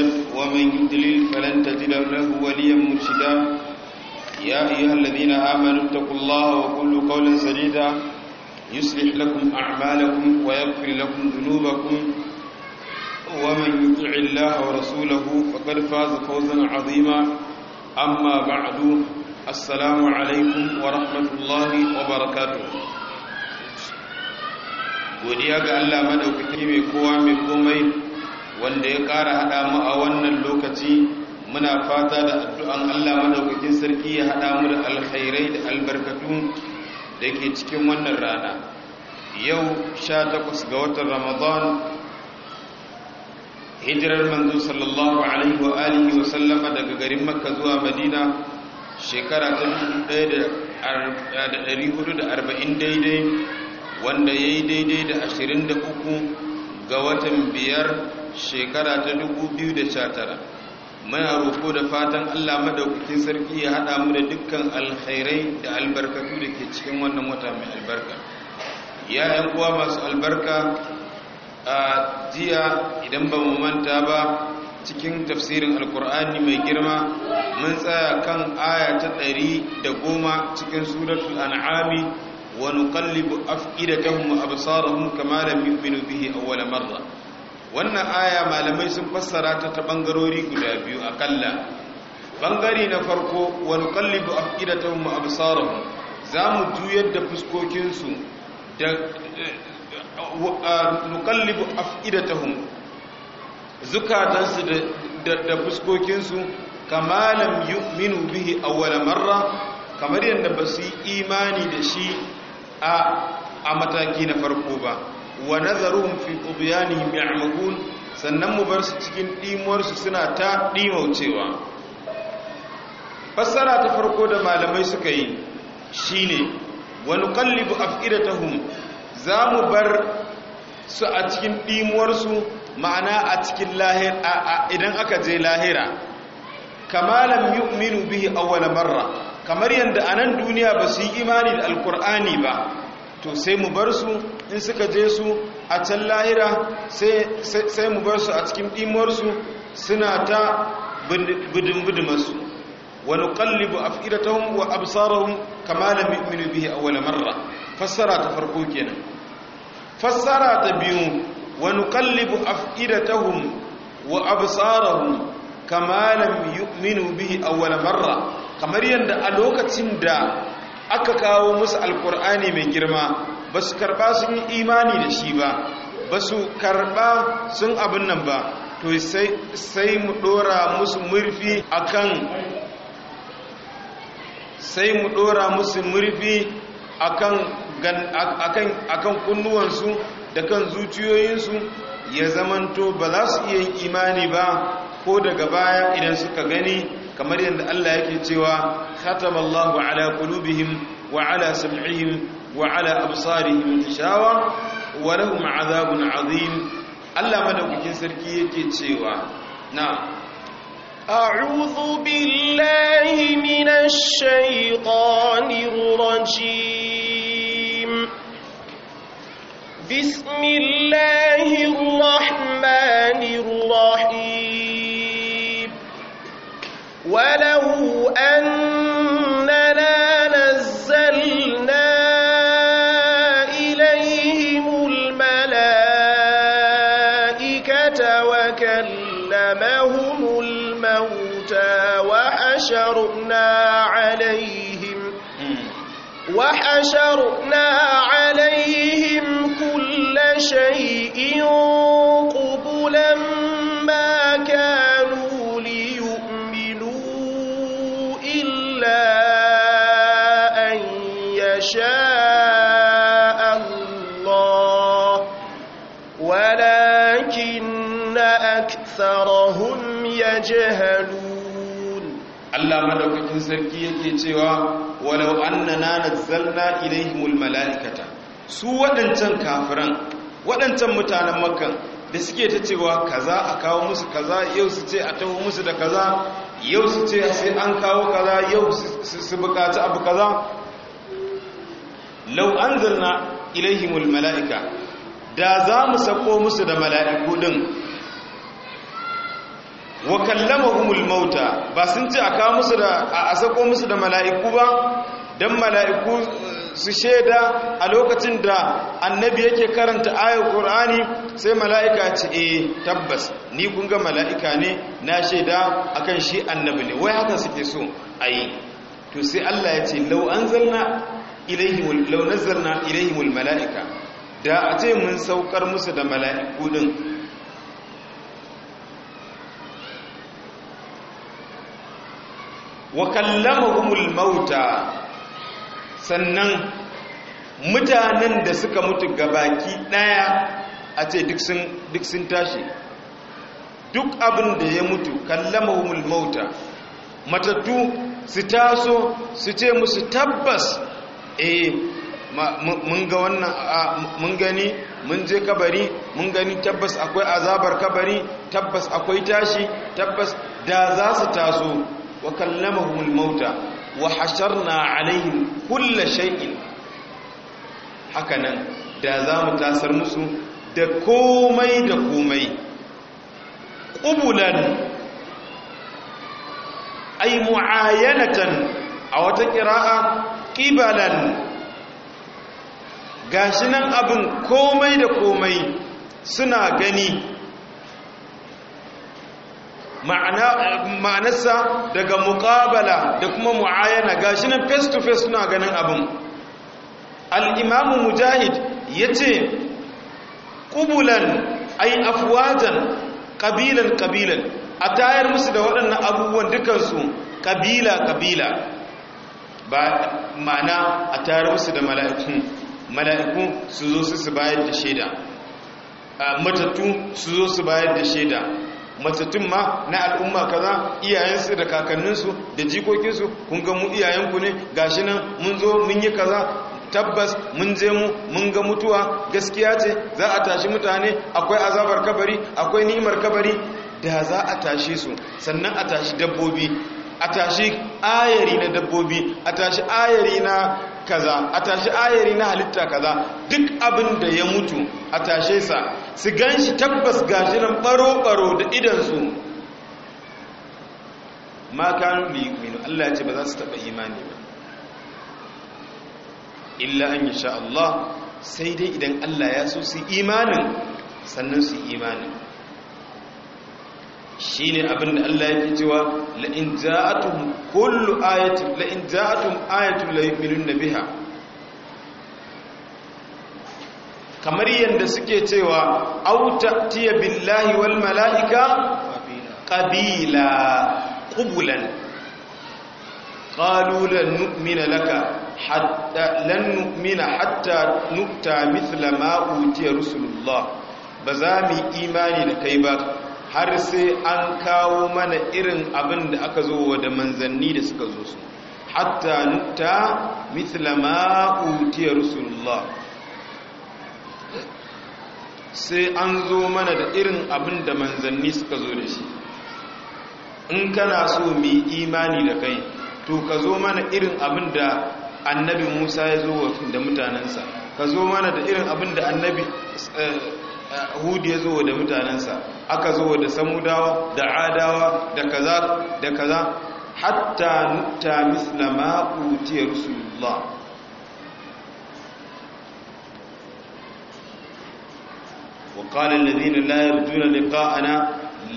مهتد ومن يدلل فلن تجد له وليا مرشدا يا أيها الذين آمنوا اتقوا الله وقولوا قولا سديدا يصلح لكم أعمالكم ويغفر لكم ذنوبكم ومن يطع الله ورسوله فقد فاز فوزا عظيما أما بعد السلام عليكم ورحمة الله وبركاته godiya ga Allah madaukaki mai kowa mai komai wanda ya kara haɗa mu a wannan lokaci muna fata da addu'an Allah madaukakin sarki ya haɗa mu da alkhairai da albarkatu da ke cikin wannan rana yau sha takwas ga watan ramadan hijirar manzo sallallahu alaihi wa alihi wa sallama daga garin makka zuwa madina shekara ta 1440 daidai wanda ya yi daidai da 23 ga watan biyar shekara ta da 2019 muna roko da fatan Allah madaukakin sarki ya hada mu da dukkan alkhairai da albarkatu da ke cikin wannan wata mai albarka ya yan uwa masu albarka a jiya idan ba mu manta ba cikin tafsirin alkur'ani mai girma mun tsaya kan aya ta ɗari da goma cikin suratul an'ami wa nuqallibu af'idatahum wa absarahum kama lam yu'minu bihi awwala marra wannan aya malamai sun fassara ta ta bangarori guda biyu akalla bangare na farko wani kallibu afidatahum wa absarahum zamu juyar da fuskokinsu da eh, eh, eh, nukallibu afidatahum zukatansu da fuskokinsu kama lam yu'minu bihi wani marra kamar yadda ba su yi imani da shi a mataki na farko ba wa nazaruhum fi tudyanihim ya'magun sannan mu bar su cikin dimuwar su suna ta dimaucewa fassara ta farko da malamai suka yi shine wa nuqallibu af'idatahum za mu bar su a cikin dimuwar su ma'ana a cikin lahira idan aka je lahira kama lam yu'minu bihi awwal marra kamar yanda anan duniya ba su yi imani da alqur'ani ba to sai mu bar su in suka je su a can lahira sai mu bar su a cikin ɗimuwarsu suna ta bidin-bidimarsu wani kallibu a fi firatahun wa absarahun kamala mu'minu bihi a wani marra fassara ta farko kenan fassara ta biyu wani kallibu a fi ta firatahun wa absarahun kamala mu'minu bihi a wani marra kamar yadda a lokacin da aka kawo musu alkur'ani mai girma ba su karba sun yi imani da shi ba ba su karba sun abin nan ba to sai mu dora musu murfi akan sai mu dora musu murfi akan akan kunnuwansu da kan zuciyoyinsu ya zamanto ba za su iya imani ba ko daga baya idan suka gani kamar yadda Allah yake cewa khatamallahu ala qulubihim wa ala sam'ihim wa ala absarihim shawa wa lahum azabun azim Allah madaukakin sarki yake cewa na a'udhu billahi minash shaitanir rajim bismillahir rahmanir rahim ولو أننا نزلنا إليهم الملائكة وكلمهم الموتى وحشرنا عليهم وحشرنا عليهم كل شيء قبلا yajhalun Allah madaukakin sarki yake cewa walau annana nazzalna ilaihimul malaikata su waɗancan kafiran waɗancan mutanen Makka da suke ta cewa kaza a kawo musu kaza yau su ce a taho musu da kaza yau su ce sai an kawo kaza yau su bukaci abu kaza lau anzalna ilaihimul mala'ika da za mu sako musu da mala'iku din wa kallamahumul mauta ba sun ce a musu da a sako musu da mala'iku ba dan mala'iku su sheda a lokacin da annabi yake karanta ayar qur'ani sai mala'ika ce eh tabbas ni kun ga mala'ika ne na sheda akan shi annabi ne wai haka suke so ayi to sai Allah ya ce law anzalna ilaihimul law nazzalna ilaihimul mala'ika da a ce mun saukar musu da mala'iku din wa kallamahumul mauta sannan mutanen da suka mutu gabaki daya a ce duk sun tashi duk abin da ya mutu kallamahumul mauta matattu su taso su ce musu tabbas eh mun ga wannan mun gani mun je kabari mun gani tabbas akwai azabar kabari tabbas akwai tashi tabbas da za su taso wa kallamahumul mauta wa hasharna alaihim kulla Haka nan, da za mu tasar musu da komai da komai ƙubulan ay mu'ayanatan a wata ƙira'a ƙibalan gashi nan abin komai da komai suna gani ma'anarsa daga muƙabala da kuma mu'ayana gashi nan face to face suna ganin abin al'imamu mujahid ya ce ƙubulan ai afwajan ƙabilan ƙabilan a tayar musu da waɗannan abubuwan dukansu ƙabila-ƙabila ba ma'ana a tayar musu da mala'iku su zo bayar da shaida matattu su zo su bayar da shaida matattun ma na al'umma kaza iyayensu da kakanninsu da jikokinsu kun ga mu iyayenku ne gashi nan mun zo mun yi kaza tabbas mun je mu mun ga mutuwa gaskiya ce za a tashi mutane akwai azabar kabari akwai nimar kabari da za a tashi su sannan a tashi dabbobi a tashi ayari na dabbobi a tashi ayari na kaza a tashi ayari na halitta kaza duk abin da ya mutu a tashe sa su gan shi tabbas shi nan baro-baro da idansu ma kanu liyuminu Allah ce ba za su taɓa imani ba illa an yi sha Allah sai dai idan Allah ya so su imanin sannan su imanin shi ne abinda Allah ya fi cewa la'in za'atun kullu ayatun la'in za'atun ayatun na biha kamar yadda suke cewa auta tiya billahi wal mala'ika ƙabila ƙubulan ƙalulan nu'mina laka lan nu'mina hatta nukta mithla ma'utiyar rusulullah ba za mu imani da kai ba har sai an kawo mana irin abin da aka zo da manzanni da suka zo su hatta nukta mithla ma'utiyar rusulullah sai an zo mana da irin abin da manzanni suka zo da shi in kana so mai imani da kai to ka zo mana irin abin da annabi musa ya zo da mutanensa ka zo mana da irin abin da annabi eh, eh, hudu ya zo da mutanensa aka zo da samudawa da adawa da kaza da kaza hatta nuta mislama kutiyar rasulullah قال الذين لا يرجون لقاءنا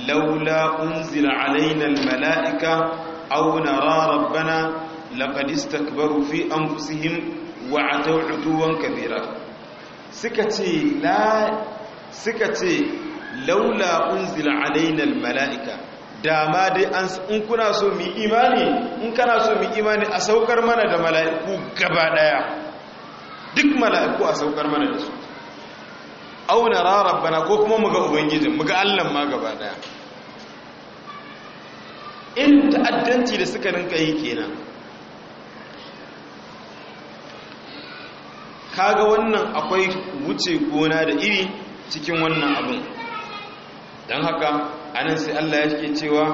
لولا أنزل علينا الملائكة أو نرى ربنا لقد استكبروا في أنفسهم وعتوا عتوا كبيرا سكتي لا سكتي لولا أنزل علينا الملائكة dama dai in kuna so mu imani in kana so mu imani a saukar mana da mala'iku gaba daya duk mala'iku a saukar mana da su auna rara bana ko kuma muga ubangijin muga allan ma gaba daya in ta'addanci da suka ninka yi kenan kaga wannan akwai wuce gona da iri cikin wannan abin don haka anan sai allah ya ke cewa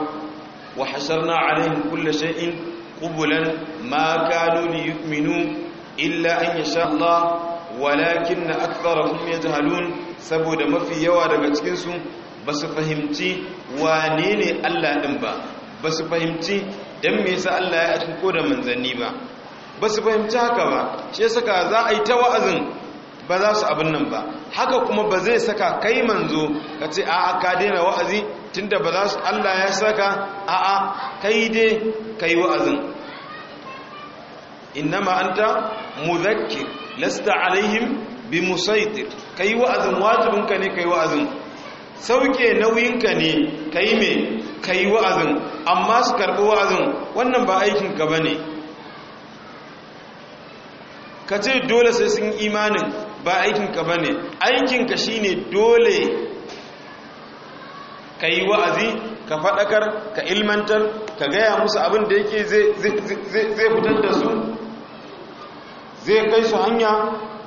wa hasharna alaihim kulla shay'in qubulan ma kanu liyu'minu illa an yasha Allah walakin aktharuhum yajhalun saboda mafi yawa daga cikinsu ba su fahimci wane ne Allah ɗin ba ba su fahimci don me yasa Allah ya ko da manzanni ba ba su fahimci haka ba shi ya saka za a yi ta wa'azin ba za su abin nan ba haka kuma ba zai saka kai manzo ka ce a'a ka daina wa'azi tunda ba za su Allah ya saka a'a kai dai kai wa'azin innama anta muzakkir lasta alaihim bi musaitir kai wa'azin ka ne kai wa'azin sauke ka ne kai me kai wa'azin amma su karɓi wa'azin wannan ba aikin ba ne ka ce dole sai sun imanin ba aikin ba ne aikin shi ne dole ka yi wa'azi ka fadakar ka ilmantar ka gaya musu abin da yake zai fitar da su zai kai su hanya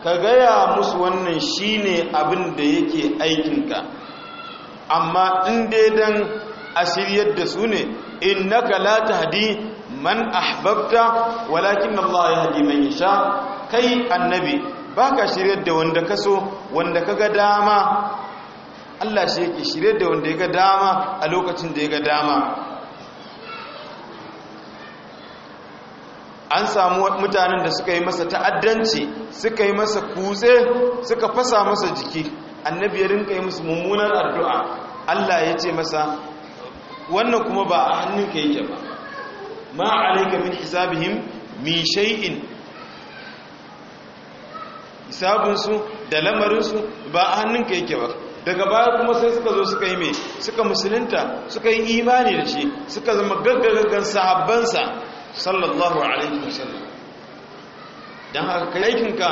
ka gaya musu wannan shine abin da yake aikinka amma in dai dan a da su ne innaka la tahdi man ahbabta walakin Allah yahdi man yasha kai annabi baka shiryar da wanda kaso wanda kaga dama Allah shi yake shiryar da wanda ya ga dama a lokacin da ya ga dama an samu mutanen da suka yi masa ta'addanci suka yi masa kutse suka fasa masa jiki annabi ya rinka yi musu mummunar addu'a Allah ya ce masa wannan kuma ba a hannunka yake ba ma alayka min hisabihim min shay'in hisabinsu da lamarinsu ba a hannunka yake ba daga baya kuma sai suka zo suka yi mai suka musulunta suka yi imani da shi suka zama gaggagaggan sahabbansa sallallahu alaihi wasallam dan haka kai aikinka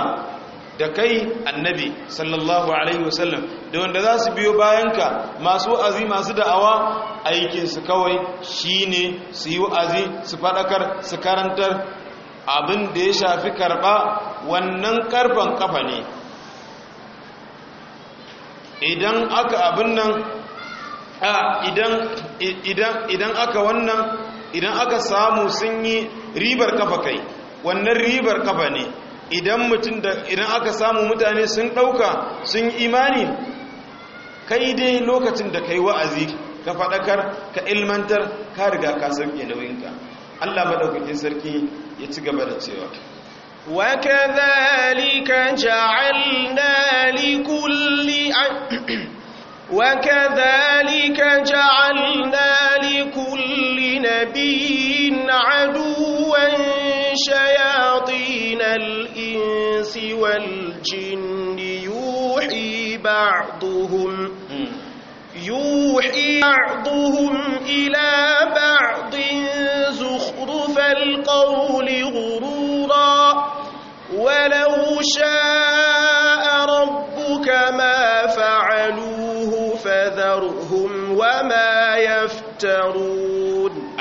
da kai annabi sallallahu alaihi wasallam da wanda za su biyo bayanka masu wa'azi masu da'awa aikinsu kawai shine su yi wa'azi su faɗakar su karantar abin da ya shafi karɓa wannan karfan kafa ne idan aka abin nan idan aka wannan idan aka samu sun yi ribar kafa kai wannan ribar kafa ne idan mutum da idan aka samu mutane sun ɗauka sun yi imani kai dai lokacin da kai wa'azi ka faɗakar ka ilmantar ka riga ka sarki da nauyinka Allah maɗaukakin sarki ya ci gaba da cewa وكذلك جعلنا لكل وكذلك جعلنا لكل نبي عدوا شياطين الإنس والجن يوحي بعضهم يوحي بعضهم إلى بعض زخرف القول غرورا ولو شاء ربك ما فعلوه فذرهم وما يفترون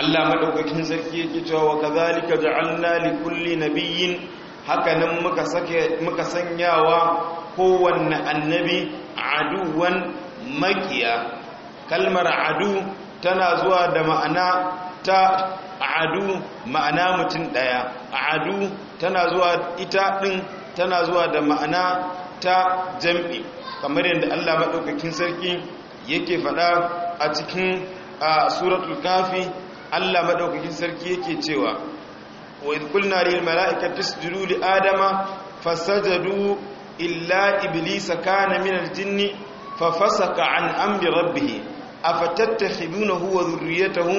Allah madaukakin sarki yake cewa wa kadhalika ja'alna li kulli nabiyyin nan muka sake muka sanyawa kowanne annabi aduwan makiya kalmar adu tana zuwa da ma'ana ta adu ma'ana mutum daya adu tana zuwa ita din tana zuwa da ma'ana ta jam'i kamar yadda Allah madaukakin sarki yake faɗa a cikin suratul kafi Allah madaukakin sarki yake cewa wa idh qulna lil mala'ikati isjudu li adama fasajadu illa iblisa kana min al-jinni fafasaka an amri rabbih afatattakhidunahu wa dhurriyyatahu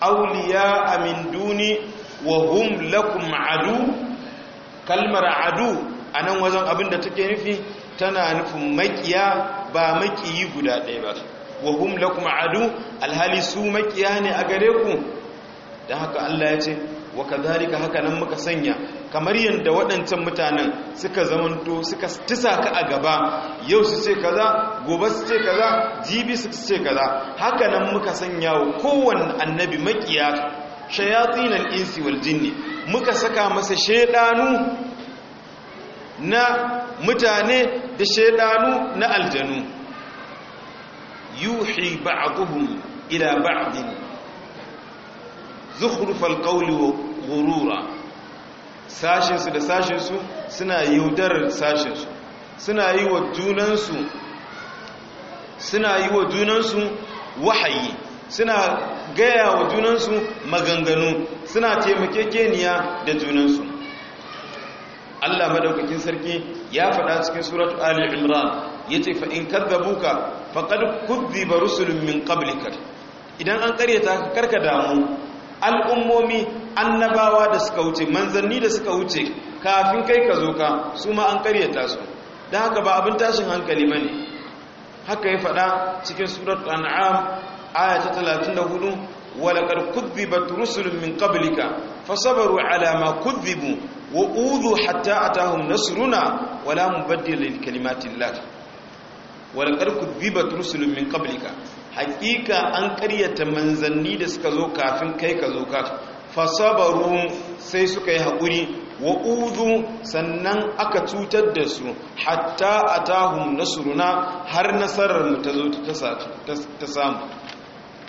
awliya'a min duni wa hum lakum adu kalmar adu anan wajen abinda take nufi tana nufin makiya ba makiyi guda ɗaya ba wa hum lakum adu alhali su makiya ne a gare ku dan haka Allah ya ce wa kadhalika haka nan muka sanya kamar yadda waɗancan mutanen suka zamanto suka tisa ka a gaba yau su ce kaza gobe su ce kaza jibi su ce kaza haka nan muka sanya wa kowanne annabi makiya shayatinal insi wal jinni muka saka masa shedanu na mutane da shedanu na aljanu yuhi ba'duhum ila ba'din zukhrufal qawli ghurura sashin su da sashin su suna yaudarar sashin su suna yi wa junan su suna yi wa junan su wahayi suna gaya wa junansu maganganu suna taimakekeniya da junansu Allah madaukakin sarki ya faɗa cikin suratul Ali Imran yace fa in kadzabuka faqad kudhiba rusulun min qablikar idan an karyata ka karka damu al'ummomi annabawa da suka wuce manzanni da suka wuce kafin kai ka zo ka su ma an karyata su dan haka ba abin tashin hankali bane haka ya faɗa cikin suratul an'am aya ta 34 walaƙar kudbibat rusulun min ƙablika fasabaru alama kudzibu wa udhu hatta atahum nasruna wala mubaddil lil kalimatillah wal qad kudibat rusulun min qablika haqiqa an qaryata manzanni da suka zo kafin kai ka zo ka fasabaru sai suka yi hakuri wa sannan aka cutar da su hatta atahum nasruna har nasarar mu ta zo ta samu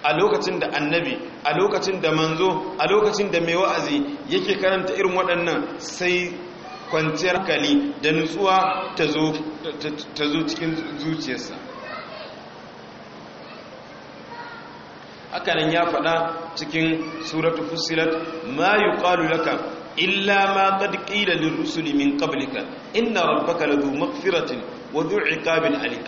a lokacin da annabi a lokacin da manzo a lokacin da mai wa'azi yake karanta irin waɗannan sai kwanciyar kali da nutsuwa ta zo cikin zuciyarsa hakanan ya faɗa cikin suratu fusilat ma yuqalu laka illa ma qad qila min qablika inna rabbaka ladhu makfiratin wa dhu alik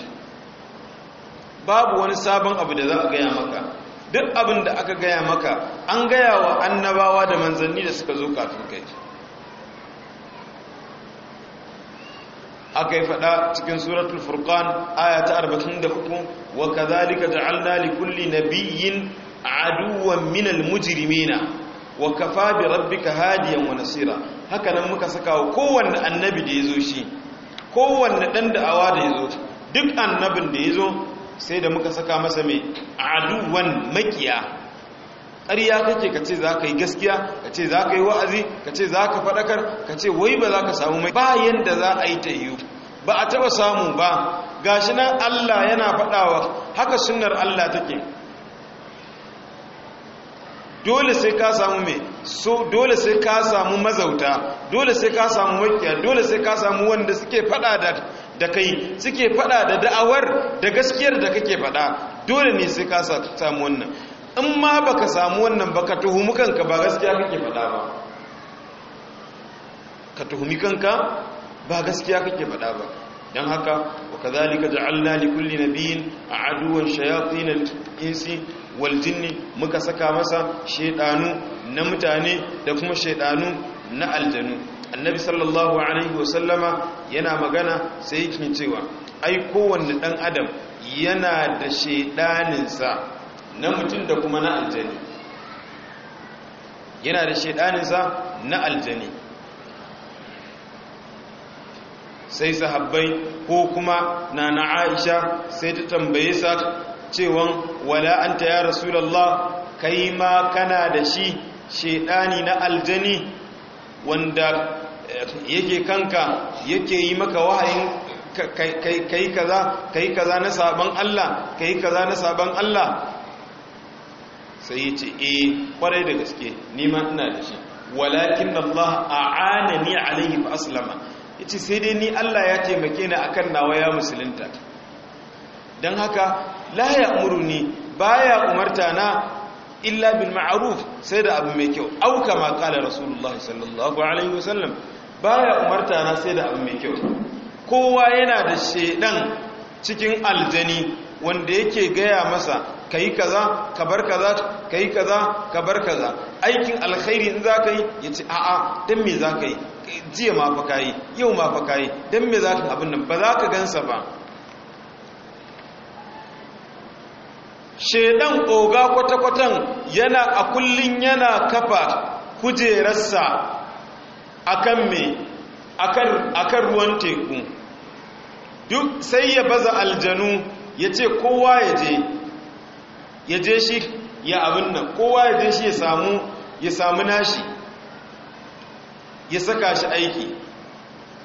babu wani sabon abu da za a gaya maka duk abin da aka gaya maka an gaya wa annabawa da manzanni da suka zo kafin kai aka yi fada cikin suratul furqan aya ta 44 wa kadhalika ja'alna li kulli nabiyyin aduwwan minal mujrimina wa kafa bi rabbika hadiyan wa nasira haka nan muka saka wa kowanne annabi da yazo shi kowanne dan da'awa da yazo duk annabin da yazo sai da muka saka masa mai aduwan makiya ƙarya kake ka ce za ka yi gaskiya ka ce za ka yi wa'azi ka ce za ka faɗakar ka ce wai ba za ka samu mai bayan da za a yi ta yiwu ba a taɓa samu ba ga shi nan allah yana faɗawa haka sunar allah take dole sai ka samu mai so dole sai ka samu mazauta dole sai ka samu makiya dole sai ka samu wanda suke faɗa da da kai suke fada da da'awar da gaskiyar da kake fada dole ne sai ka samu wannan in ma baka samu wannan baka tuhumi kanka ba gaskiya kake fada ba ka tuhumi kanka ba gaskiya kake fada ba dan haka wa kadhalika ja'alna li kulli nabiyyin aduwan shayatin al-insi wal jinni muka saka masa shedanu na mutane da kuma shedanu na aljanu annabi sallallahu alaihi wasallama yana magana sai yake cewa ai kowanne dan adam yana da shedaninsa na mutum da kuma na aljani yana da shedaninsa na aljani sai sahabbai ko kuma na na aisha sai ta tambaye sa cewan wala anta ya rasulullah kai ma kana da shi shedani na aljani wanda eh, yake kanka yake yi maka wahayin kai kaza kai kaza na sabon Allah kai kaza na sabon Allah sai yace eh kwarai da gaske ni ma ina da shi walakin Allah a'anani alaihi fa aslama yace sai dai ni Allah ya taimake ni akan nawa ya musulunta dan haka la ya'muruni baya umarta na illa bil ma'ruf sai da abu mai kyau au kama kala rasulullah sallallahu alaihi wasallam baya umarta na sai da abu mai kyau kowa yana da shedan cikin aljani wanda yake gaya masa ka yi kaza ka bar kaza ka yi kaza ka bar kaza aikin alkhairi in za ka yi ya a a'a dan me za ka yi jiya ma fa ka yi yau ma fa ka yi me za ka abin nan ba za ka gansa ba shedan oga kwata-kwatan yana a kullun yana kafa kujerarsa akan me kan ruwan teku duk sai ya baza aljanu ya ce kowa ya je ya je shi ya abin nan kowa ya je shi ya samu ya samu nashi ya saka shi aiki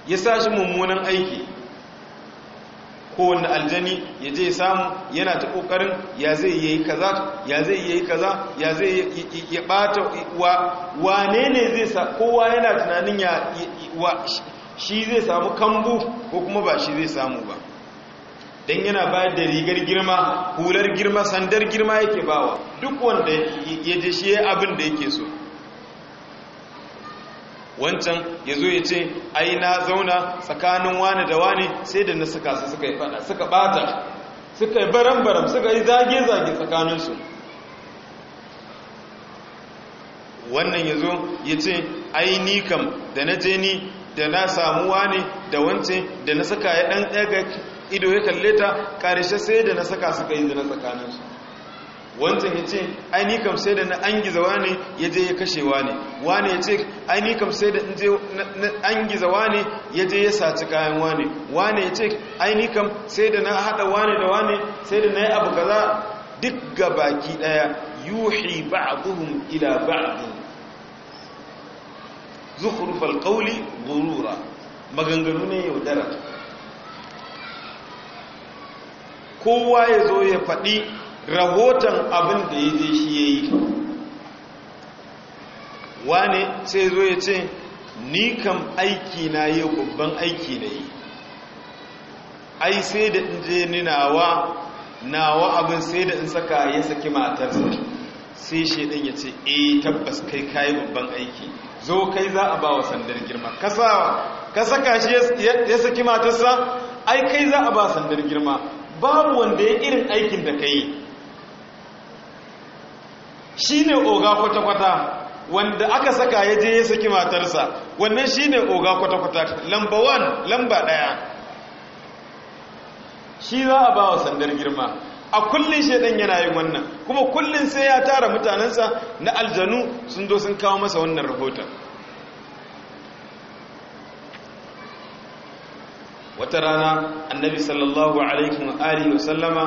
ya sa shi mummunan aiki kowanne aljani ya je samu yana ta kokarin ya zai yi kaza ya zai yi kaza ya zai ya bata wa wane ne zai sa kowa yana tunanin ya wa shi zai samu kambu ko kuma ba shi zai samu ba dan yana bayar da rigar girma hular girma sandar girma yake bawa duk wanda ya je shi abin da yake so wancan ya zo ya ce ai na zauna tsakanin wani da wani sai da na suka su suka yi fada suka bata suka yi baram-baram suka yi zage-zage tsakaninsu wannan ya zo ya ce ai ni kam da na je ni da na samu wani da wancan da na saka yi dan ɗaga ido ya kalle ta ƙarshe sai da na saka suka yi zina tsakaninsu wancan ya ce aini kam sai da na an giza wane ya je ya kashe wane wane ya ce aini kam sai da an giza wane ya je ya saci kayan wane wane ya ce aini kam sai da na haɗa wane da wane sai da na yi abu gaza duk ga baki ɗaya yuhi ba'duhum ila ba'dun zukhrufal qawli gurura maganganu ne yaudara kowa ya zo ya faɗi rahoton abin da ya je shi ya yi wane sai zo ya ce ni kam aiki na yi babban aiki na yi ai sai da in je ni nawa nawa abin sai da in saka ya saki matarsa sai shaidan ya ce eh tabbas kai kayi babban aiki zo kai za a ba wa sandar girma ka saka shi ya saki matarsa ai kai za a ba sandar girma babu wanda ya irin aikin da ka yi shi ne oga kwata-kwata wanda aka saka ya je ya saki matarsa wannan shi ne oga kwata-kwata lamba 1 lamba 1 shi za a ba wa sandar girma a kullum shaidan yana yin wannan kuma kullum sai ya tara mutanensa na aljanu sun zo sun kawo masa wannan rahoton wata rana annabi sallallahu alaihi wa wa sallama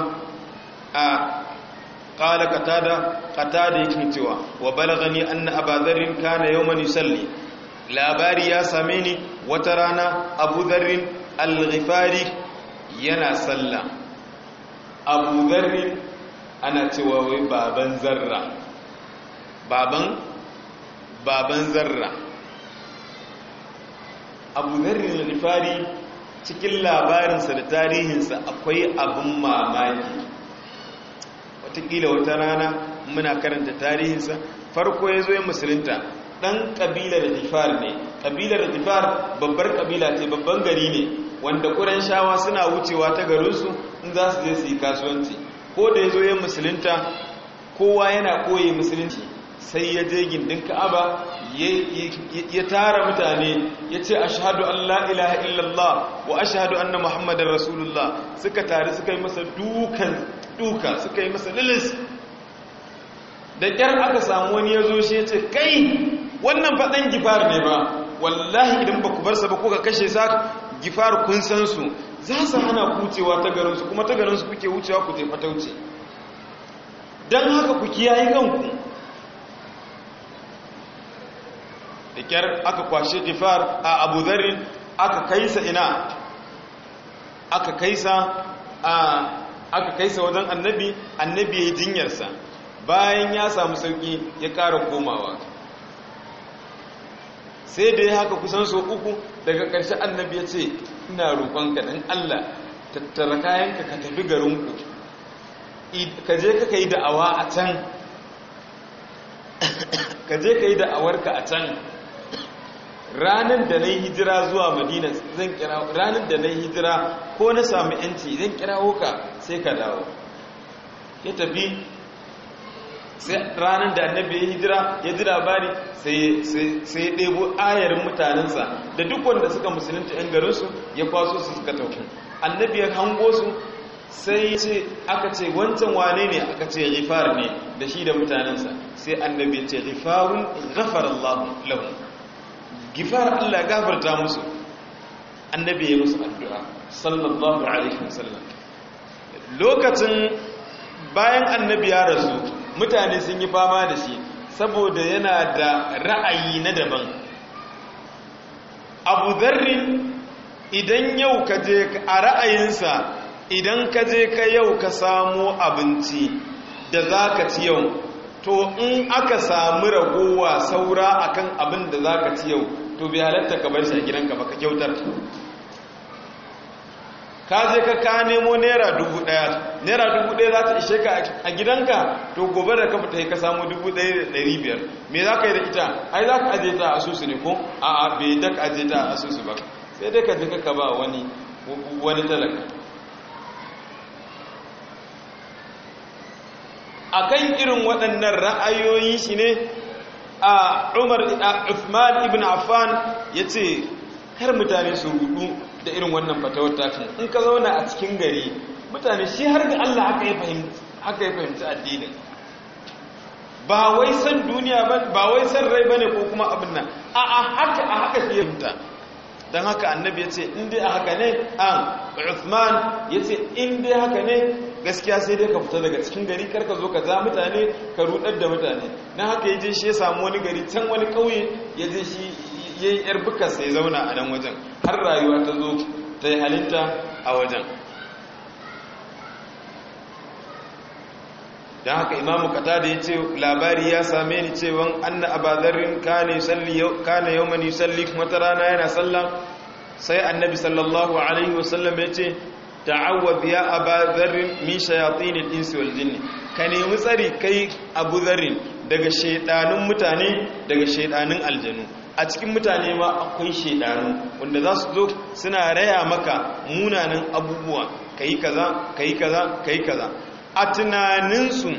a qala qatada qatada yake cewa wa balagani anna abadharin kana yawman yusalli labari ya same ni wata rana abu dharrin yana sallah abu ana cewa wai baban zarra baban baban zarra abu dharrin cikin labarinsa da tarihinsa akwai abin mamaki watakila wata rana muna karanta tarihinsa farko ya zo ya musulunta ɗan ƙabilar difar ne ƙabilar difar babbar ƙabila ce babban gari ne wanda ƙuran shawa suna wucewa ta garinsu in za su je su yi kasuwanci ko da ya zo ya musulunta kowa yana koyi musulunci sai ya je gindin ka'aba ya tara mutane ya ce shahadu Allah ilaha illallah wa ashahadu anna muhammadar rasulullah suka tare suka yi masa dukan duka suka yi masa lilis da ƙyar aka samu wani ya zo shi ya ce kai wannan faɗan gifar ne ba wallahi idan ba ku bar sa ba kuka kashe sa gifar kun san su za su hana kucewa ta garinsu kuma ta garinsu kuke wucewa ku tefa wuce don haka ku kiyaye kanku da ƙyar aka kwashe gifar a abu zarin aka kaisa ina aka kaisa a aka kai sa wajen annabi annabi ya yi jinyarsa bayan ya samu sauki ya ƙara komawa sai da ya haka kusan so uku daga ƙarshe annabi ya ce ina roƙonka ɗan allah tattara kayanka ka tafi garinku ka je ka kai da'awa a can ka je ka yi da'awarka a can ranar da na yi hijira zuwa madina zan kira ranar da na yi hijira ko na sami yanci zan kirawo ka sai ka dawo ya tafi sai ranar da annabi ya hijira ya jira bari sai ya ɗebo ayarin mutanensa da duk wanda suka musulunta 'yan garinsu ya kwaso su suka tauki annabi ya hango su sai ya ce aka ce wancan wane ne aka ce rifar ne da shi da mutanensa sai annabi ya ce rifarun gafar Allah lahu gifar Allah gafarta musu annabi ya musu addu'a sallallahu alaihi wasallam lokacin bayan annabi ya rasu mutane sun yi fama da shi saboda yana da ra'ayi na daban abu zarri idan yau ka je a ra'ayinsa idan ka je ka yau ka samo abinci da za ka ci yau to in aka samu ragowa saura akan abin da za ka ci yau to bai halatta ka bar shi a gidanka ba ka kyautar ka je ka ka nemo naira dubu daya naira dubu daya za ta ishe ka a gidanka to gobe da ka fita ka samu dubu daya da dari biyar me za ka yi da ita ai za ka aje ta a susu ne ko a a bai ka aje ta a susu ba sai dai ka je ka ba wani wani talaka akan irin waɗannan ra'ayoyi shi ne a umar uthman ibn affan ya ce kar mutane su rudu da irin wannan fatawar tashi in ka zauna a cikin gari mutane shi har ga Allah haka ya fahimci addinin ba wai san duniya ba ba wai san rai ba ne ko kuma abin nan a a haka a haka ya fahimta don haka annabi ya in dai a haka ne an Uthman ce in dai haka ne gaskiya sai dai ka fita daga cikin gari karka zo ka za mutane ka rudar da mutane don haka ya je shi ya samu wani gari can wani kauye je shi ya yi yar bukarsa ya zauna a nan wajen har rayuwa ta zo ta yi halitta a wajen don haka imamu kata da ya ce labari ya same ni cewa anna abadarin kana yau mani salli wata rana yana sallah sai annabi sallallahu alaihi wasallam ya ce ta'awwad ya abadarin min shayatinil insi wal jinni ka nemi tsari kai abu zarin daga shaidanun mutane daga shaidanun aljanu a cikin mutane ma akwai shaidanu wanda za su zo suna raya maka munanan abubuwa kayi kaza kayi kaza kayi kaza a tunaninsu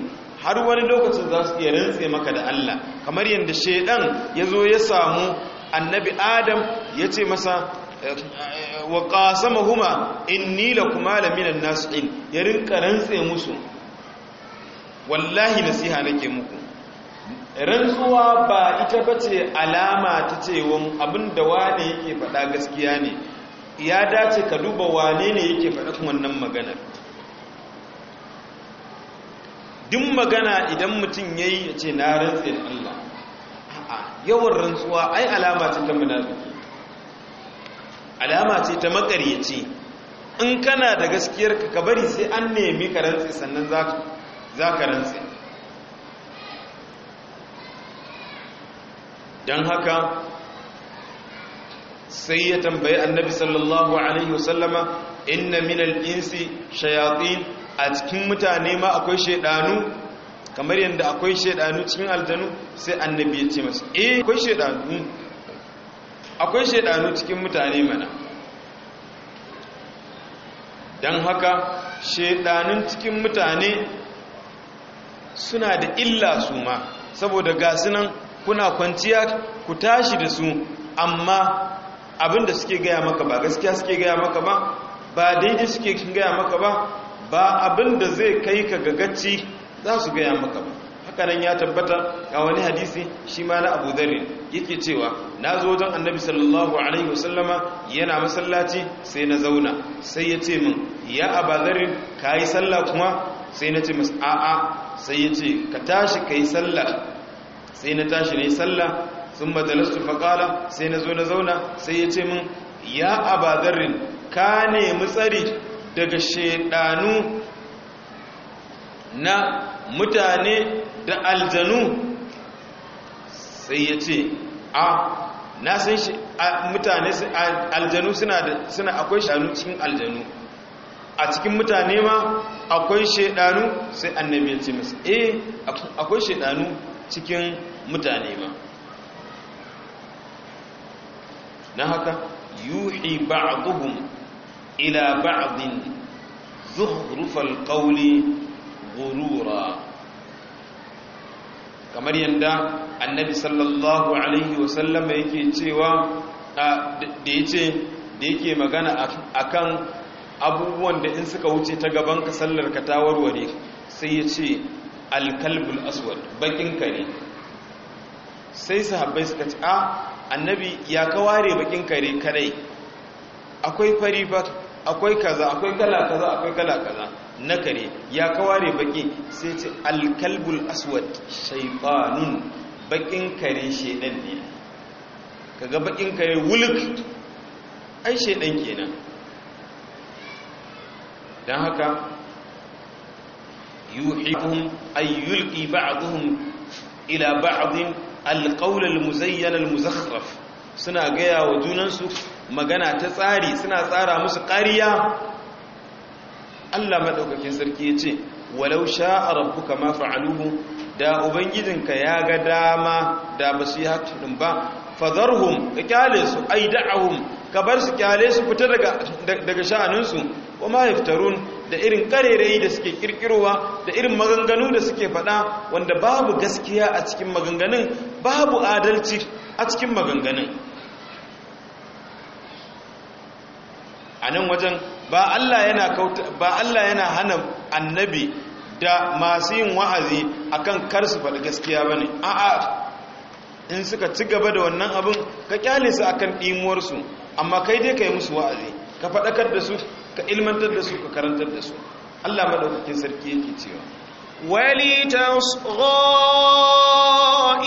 har wani lokacin za su iya rantse maka da Allah kamar yadda shaidan ya zo ya samu annabi adam ya ce masa wa kasama huma inni lakuma nasu in ya rinka rantse musu wallahi nasiha nake muku rantsuwa ba ita ba ce alama ta ce abin da wane yake faɗa gaskiya ne ya dace ka duba wane ne yake faɗa wannan magana din magana idan mutum ya yi ce na rantse da Allah yawan rantsuwa ai alama ce ta munafiki alama ce ta makaryaci in kana da gaskiyar ka bari sai an nemi ka rantse sannan za ka rantse don haka sai ya tambayi annabi sallallahu alaihi wasallama inna minal insi shayatin a cikin mutane ma akwai shaidanu kamar yadda akwai shaidanu cikin aljanu sai annabi ya ce masu eh akwai shaidanu akwai shaidanu cikin mutane mana don haka shaidanun cikin mutane suna da illa su ma saboda nan. kuna kwanciya ku tashi da su amma abinda suke gaya maka ba gaskiya suke gaya maka ba ba daidai suke gaya maka ba ba abinda zai kai ka gagacci za su gaya maka ba hakanan ya tabbata a wani hadisi shi ma na abu dare yake cewa na zo wajen annabi sallallahu alaihi wasallama yana masallaci sai na zauna sai ya ce min ya abadarin ka yi sallah kuma sai na ce masu a'a sai ya ce ka tashi ka yi sallah sai na tashi na yi sallah sun majalastu faƙala sai na zo na zauna sai ya ce min ya abadarin ka nemi tsari daga shaidanu na mutane da aljanu sai ya ce a na san shi mutane aljanu suna akwai shanu cikin aljanu a cikin mutane ma akwai shaidanu sai annabi ya ce masa eh akwai shaidanu cikin mutane ba na haka yuhi ba'duhum ila ba'din zuhrufal qawli ghurura kamar yanda annabi sallallahu alaihi wasallam yake cewa da yace da yake magana akan abubuwan da in suka wuce ta gaban ka sallar ka ta warware sai yace alkalbul aswad bakin kare sai sahabbai suka ce a ah, annabi ya kaware bakin kare kadai akwai fari ba akwai kaza akwai kala kaza akwai kala kaza na kare ya kaware baki sai ce alkalbul aswad shaytanun bakin kare shedan ne kaga bakin kare wuluk ai shedan kenan dan haka yuhibbuhum ay yulqi ba'dhum ila ba'dhin alqawl almuzayyan almuzakhraf suna gaya wa junansu magana ta tsari suna tsara musu ƙarya Allah madaukakin sarki yace walau sha'a rabbuka ma fa'aluhu da ubangijinka ya ga dama da ba su yi haƙƙin ba fadharhum ka kyale su ai da'ahum ka bar su su fita daga daga sha'aninsu wa ma da irin karerai da suke kirkirowa da irin maganganu da suke faɗa wanda babu gaskiya a cikin maganganun babu adalci a cikin maganganun a nan wajen ba Allah yana hana annabi da masu yin wa'azi akan kar su faɗi gaskiya ba a a'a in suka ci gaba da wannan abin ka kyale su akan ɗimuwarsu amma kai dai ka yi musu wa'azi ka faɗakar da su ka ilmantar da su ka karantar da su Allah madaukakin sarki yake cewa wali tasgha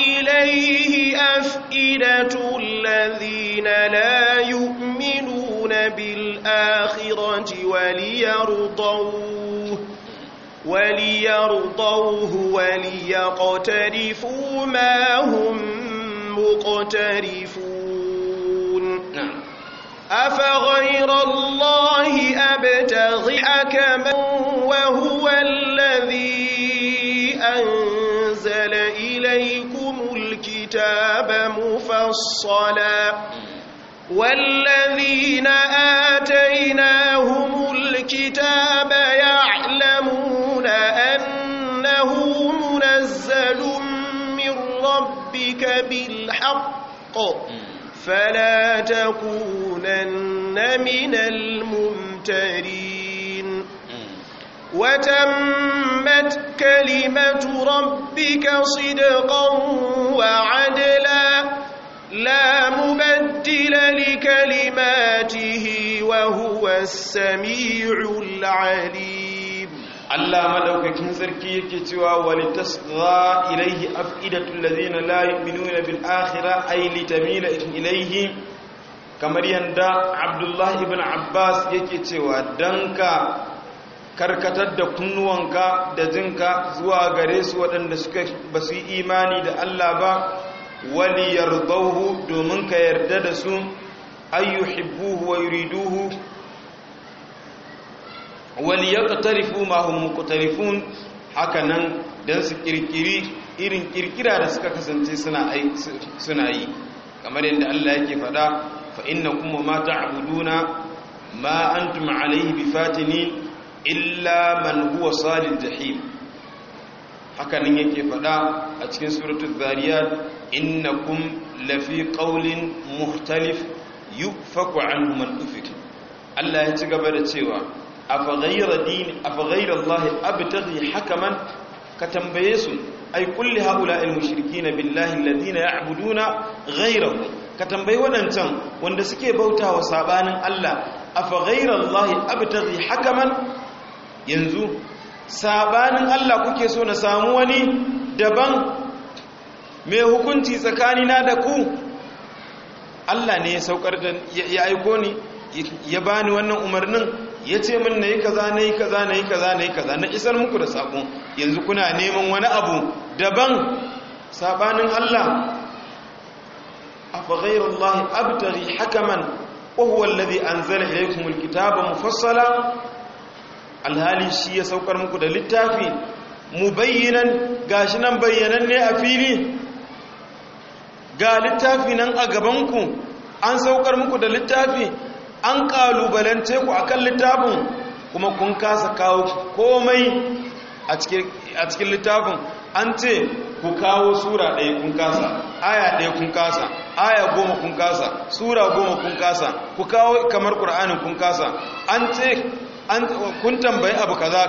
ilayhi afidatu alladhina la yu'minuna bil akhirati waliyardawu وليرضوه وليقترفوا ما هم مقترفون نعم أفغير الله أبتغي حكما وهو الذي أنزل إليكم الكتاب مفصلا والذين آتيناهم الكتاب يعلمون أنه منزل من ربك بالحق فلا تكونن من الممترين وتمت كلمة ربك صدقا وعدلا لا مبدل لكلماته وهو السميع العليم Allah madaukakin sarki yake cewa walitasgha ilayhi afidatul ladina la yu'minuna bil akhirah ay litamila ilayhi kamar yanda Abdullah ibn Abbas yake cewa danka karkatar da kunnuwanka da jinka zuwa gare su waɗanda suka basu imani da Allah ba wali yardahu domin ka yarda da su ayyuhibbuhu wa yuriduhu ya yaqtarifu ma hum haka hakanan dan su kirkiri irin kirkira da suka kasance suna yi kamar yadda Allah yake faɗa fa kuma ma ta'buduna ma antum alayhi fatini illa man huwa salin jahim hakanan yake faɗa a cikin suratun zariyat innakum lafi qawlin muhtalif yi anhu an Allah ya ci gaba da cewa afaghayra dini afaghayra Allah abtaghi hakaman ka tambaye su ai kulli haula al na billahi ya ya'buduna ghayrahu ka tambayi waɗancan wanda suke wa sabanin Allah afaghayra Allah abtaghi hakaman yanzu sabanin Allah kuke so na samu wani daban mai hukunci tsakanina da ku Allah ne ya saukar da ya aiko ni ya bani wannan umarnin ya ce min na yi kaza na yi kaza na yi kaza na yi kaza na isar muku da saƙo. yanzu kuna neman wani abu daban saɓanin Allah a faghairar lahi abtari hakaman ƙuhuwar lade an zala ilaikumul mu fassala, alhali shi ya saukar muku da littafi mu bayyanan gashi nan bayyanan ne a fili ga littafi nan a gabanku an saukar muku da littafi an kalubalance ku kan littafin kuma kun kasa kawo komai a cikin littafin an ce ku kawo sura ɗaya kun kasa aya ɗaya kun kasa aya goma kun kasa sura goma kun kasa ku kawo kamar ƙura'anin kun kasa an ce kun tambayi abu kaza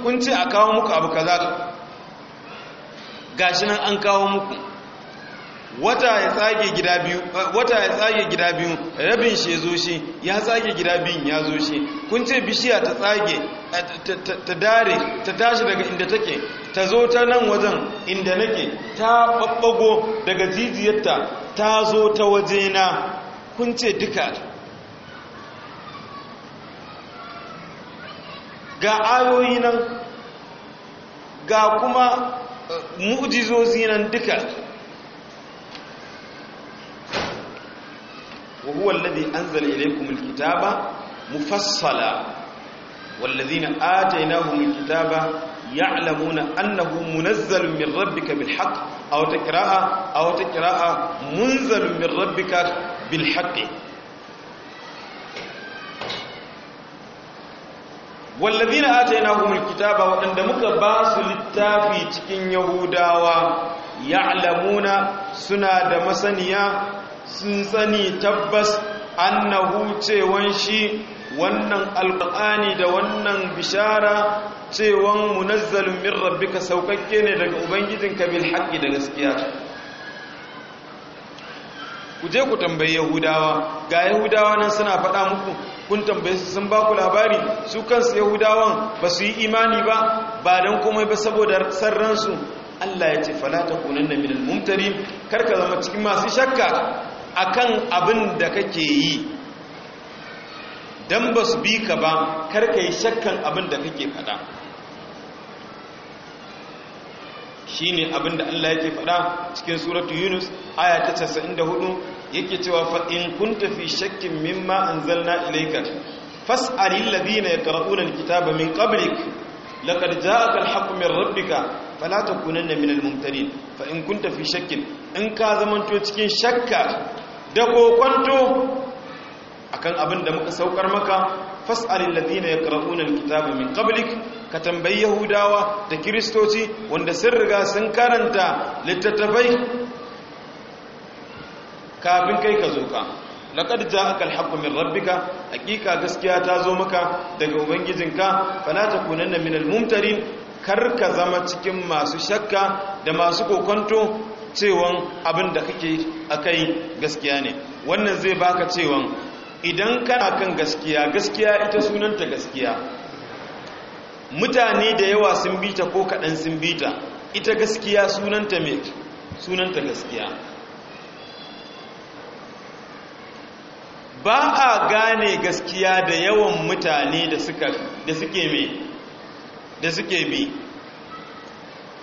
kun ce a kawo muku abu kaza gashi nan an kawo muku wata ya tsage gida biyu eh, gida biyu rabin shi ya zo shi ya tsage gida biyun ya zo shi kun ce bishiya ta tsage eh, ta dare ta tashi daga inda take ta zo ta nan wajen inda nake ta babbago daga jijiyarta ta zo ta waje na kun ce duka ga ayoyi nan ga kuma eh, mu'jizozi nan duka wa huwa alladhi anzala ilaykumul kitaba والذين آتيناهم الكتاب يعلمون أنه منزل من ربك بالحق أو تقراء أو تقراء منزل من ربك بالحق wallazina atainahumul kitaba wadanda muka ba su littafi cikin yahudawa ya'lamuna suna da masaniya sun sani tabbas annahu cewan shi wannan alƙur'ani da wannan bishara cewan munazzalun min rabbika saukakke ne daga ubangijinka bil haqqi da gaskiya ku je ku tambayi yahudawa ga yahudawa nan suna faɗa muku kun tambaye su sun ba ku labari su kansu yahudawan ba su yi imani ba ba don komai ba saboda sarransu Allah ya ce falata kunan na minal mumtari karka zama cikin masu shakka akan abin da kake yi don ba su bi ka ba karka yi shakkan abin da kake fada shi ne abin da Allah yake fada cikin suratu yunus aya ta 94 yake cewa fa'in kun tafi shakkin mimma an zalna ilaika fas'ari ladina ya karɓunan kitaba min ƙabrik laƙar kan haƙumin rabbika fala da minal mumtarin fa kun tafi shakkin in ka zamanto cikin shakka da kokonto akan abin da muka saukar maka fas'alil ladina yaqra'una alkitaba min qablik ka tambayi yahudawa da kiristoci wanda sun riga sun karanta littattafai kafin kai ka zo ka laqad ja'aka alhaqqu min rabbika haqiqa gaskiya ta zo maka daga ubangijinka fala takunanna minal mumtarin kar ka zama cikin masu shakka da masu kokonto cewan abin da kake akai gaskiya ne wannan zai baka cewan idan kana kan gaskiya gaskiya ita sunanta gaskiya mutane da yawa sun bita ko kaɗan sun bita ita gaskiya sunanta mai sunanta gaskiya ba a gane gaskiya da yawan mutane da suke mai da suke bi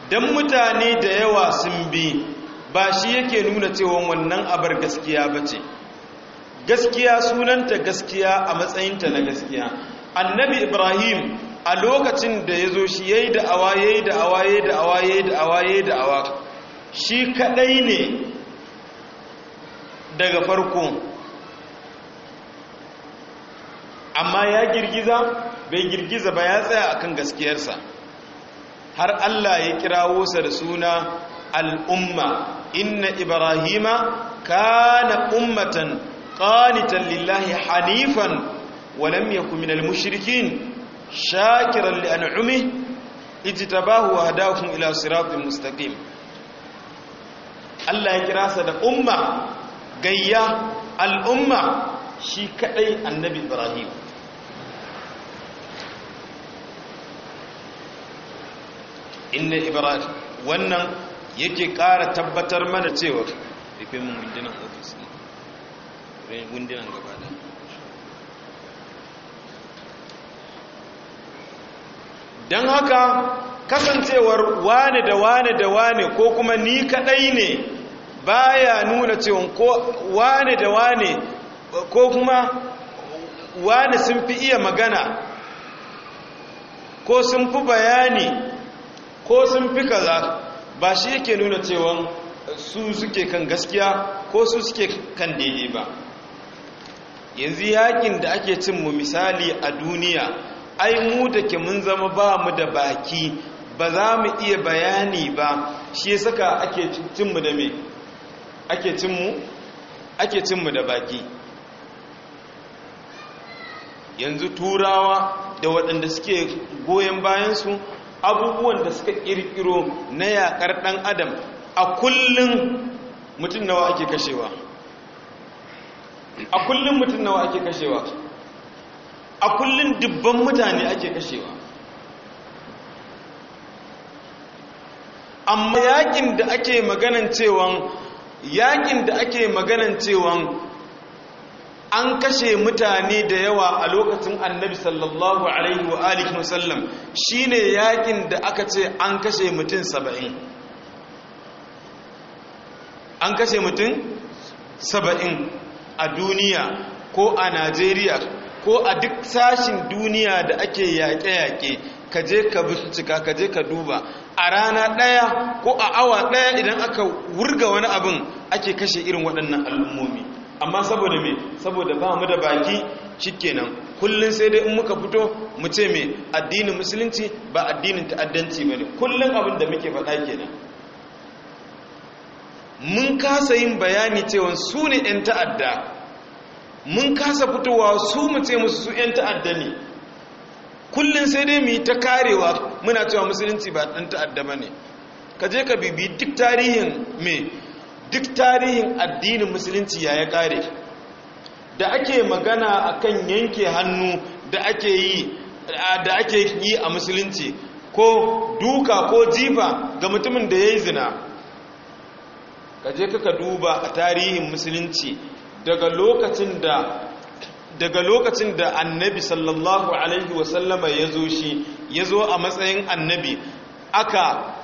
don mutane da yawa sun bi ba shi yake nuna cewa wannan abar gaskiya ba ce gaskiya sunanta gaskiya a matsayinta na gaskiya annabi ibrahim a lokacin da ya zo shi ya yi da ya yi awaye ya yi da ya yi awa shi kaɗai ne daga farko amma ya girgiza bai girgiza ba ya tsaya akan gaskiyarsa har allah ya kirawo sa da suna al'umma inna ibrahima kana ummatan qanitan lillahi hanifan wa lam yakun minal mushrikin shakiran li an'amihi ijtabahu wa hadahu ila siratin mustaqim Allah ya kira sa da umma gayya al'umma shi kadai annabi ibrahim inna ibrahim wannan yake ƙara tabbatar mana cewa rufe gundunan ofis ne gundunan gaba da don haka kasancewar wane da wane da wane ko kuma ni kadai ne baya nuna cewa ko wane da wane ko kuma wane sun fi iya magana ko sun fi bayani ko sun fi kaza ba shi yake nuna cewa su suke kan gaskiya ko su suke kan daidai ba yanzu yakin da ake cin mu misali a duniya ai mu da ke mun zama ba mu da baki ba za mu iya bayani ba shi ya saka ake cin mu da me ake cin mu ake cin mu da baki yanzu turawa da waɗanda suke goyon bayansu abubuwan da suka ƙirƙiro na yaƙar ɗan adam a kullum mutum nawa ake kashewa a kullum mutum nawa ake kashewa a kullun dubban mutane ake kashewa amma yakin da ake maganan cewan yakin da ake maganan cewan an kashe mutane da yawa a lokacin annabi sallallahu alaihi wa alihi wasallam shine yakin da aka ce an kashe mutum saba'in an kashe mutum saba'in a duniya ko a najeriya ko a duk sashin duniya da ake yaƙe-yaƙe ka je ka bincika ka je ka duba a rana ɗaya ko a awa ɗaya idan aka wurga wani abin ake kashe irin waɗannan al'ummomi amma saboda me saboda ba mu da baki shikenan kullun sai dai in muka fito mu ce me addinin musulunci ba addinin ta'addanci bane kullun abin da muke faɗa kenan mun kasa yin bayani cewa su ne 'yan ta'adda mun kasa fitowa su mu ce musu su 'yan ta'adda ne kullum sai dai mu yi ta karewa muna cewa musulunci ba ɗan ta'adda ba ne ka je ka bibi duk tarihin mai duk tarihin addinin musulunci ya ya kare da ake magana a kan yanke hannu da ake yi a musulunci ko duka ko jifa ga mutumin da ya yi zina kaje kaka duba a tarihin musulunci daga lokacin da daga lokacin da annabi sallallahu alaihi wasallama ya zo shi ya zo a matsayin annabi aka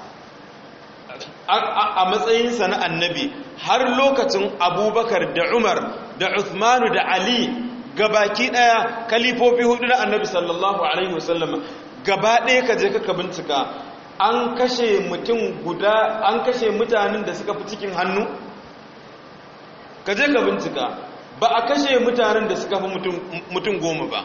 a matsayinsa na annabi har lokacin abubakar da umar da uthmanu da ali gabaki daya kalifofi hudu na annabi sallallahu alaihi wasallam gaba daya ka je ka bincika an kashe mutum guda an kashe mutanen da suka fi cikin hannu ka je ka bincika ba a kashe mutanen da suka fi mutum goma ba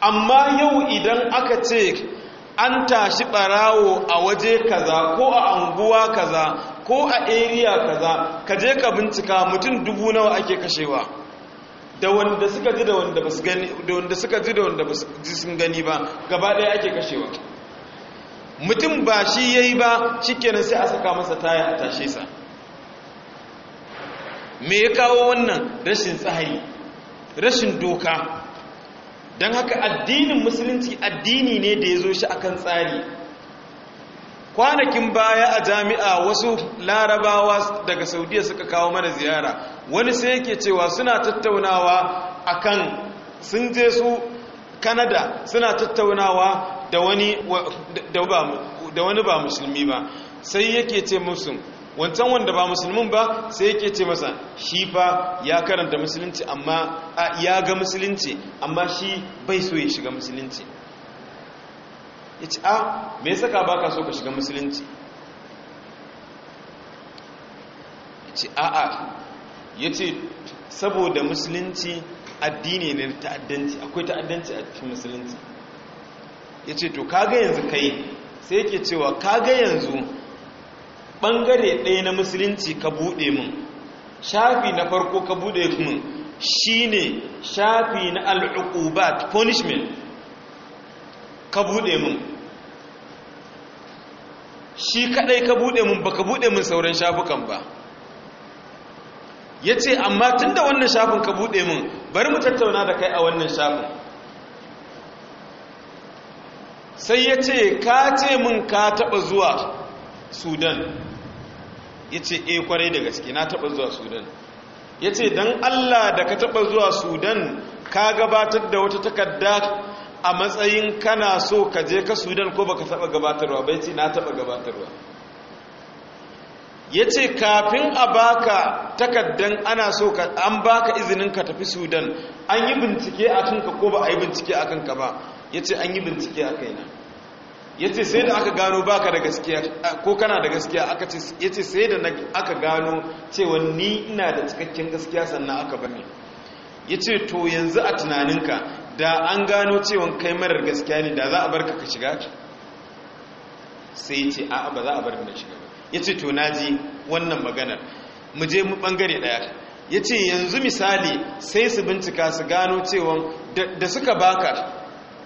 amma yau idan aka ce an tashi barawo a waje kaza ko a anguwa kaza ko a area kaza ka je ka bincika mutum dubu nawa ake kashewa da wanda suka ji da wanda ba su gani da wanda suka ji da wanda ba su ji sun gani ba gaba ɗaya ake kashewa mutum ba shi yayi ba shikenan sai a saka masa taya a tashe sa me ya kawo wannan rashin tsari rashin doka don haka addinin musulunci addini ne da ya zo shi akan tsari kwanakin baya a jami'a wasu larabawa daga saudiya suka kawo mana ziyara wani sai yake cewa suna tattaunawa akan sun je su kanada suna tattaunawa da wani ba musulmi ba sai yake ce musu wancan wanda ba musulmin ba sai yake ce masa shi fa ya karanta musulunci amma ya ga musulunci amma shi bai so ya shiga musulunci ya ci a me saka ba ka so ka shiga musulunci ya ci a a ya ce saboda musulunci addini ne ta'addanci akwai ta'addanci a cikin musulunci ya ce to kaga yanzu kai sai yake cewa kaga yanzu Bangare ɗaya na musulunci ka buɗe mun shafi na farko ka buɗe mun shine shafi na al'uqubat punishment ka buɗe mun shi kaɗai ka buɗe mun ba ka buɗe mun sauran shafukan ba yace amma tun da wannan shafin ka buɗe mun bari mu tattauna da kai a wannan shafin sai yace ce ka ce mun ka taɓa zuwa sudan ya ce e eh, kwarai da gaske na taɓa zuwa sudan ya ce don allah da ka taɓa zuwa sudan ka gabatar da wata takarda a matsayin kana so ka je ka sudan ko baka taɓa gabatarwa bai ce na taɓa gabatarwa ya ce kafin a baka takaddan ana so ka an baka izinin ka tafi sudan an yi bincike a kanka ko ba a yi bincike a kanka ba ya ce an yi bincike a kaina ya ce sai da aka gano baka da gaskiya ko kana da gaskiya ya ce sai da aka gano cewa ni ina da cikakken gaskiya sannan aka bane ya ce to yanzu a tunaninka da an gano cewa kai marar gaskiya ne da za a barka ka shiga sai ce a ba za a bar da shiga ba ya ce to naji wannan maganar mu je mu bangare daya ya ce yanzu misali sai su bincika su gano cewa da suka baka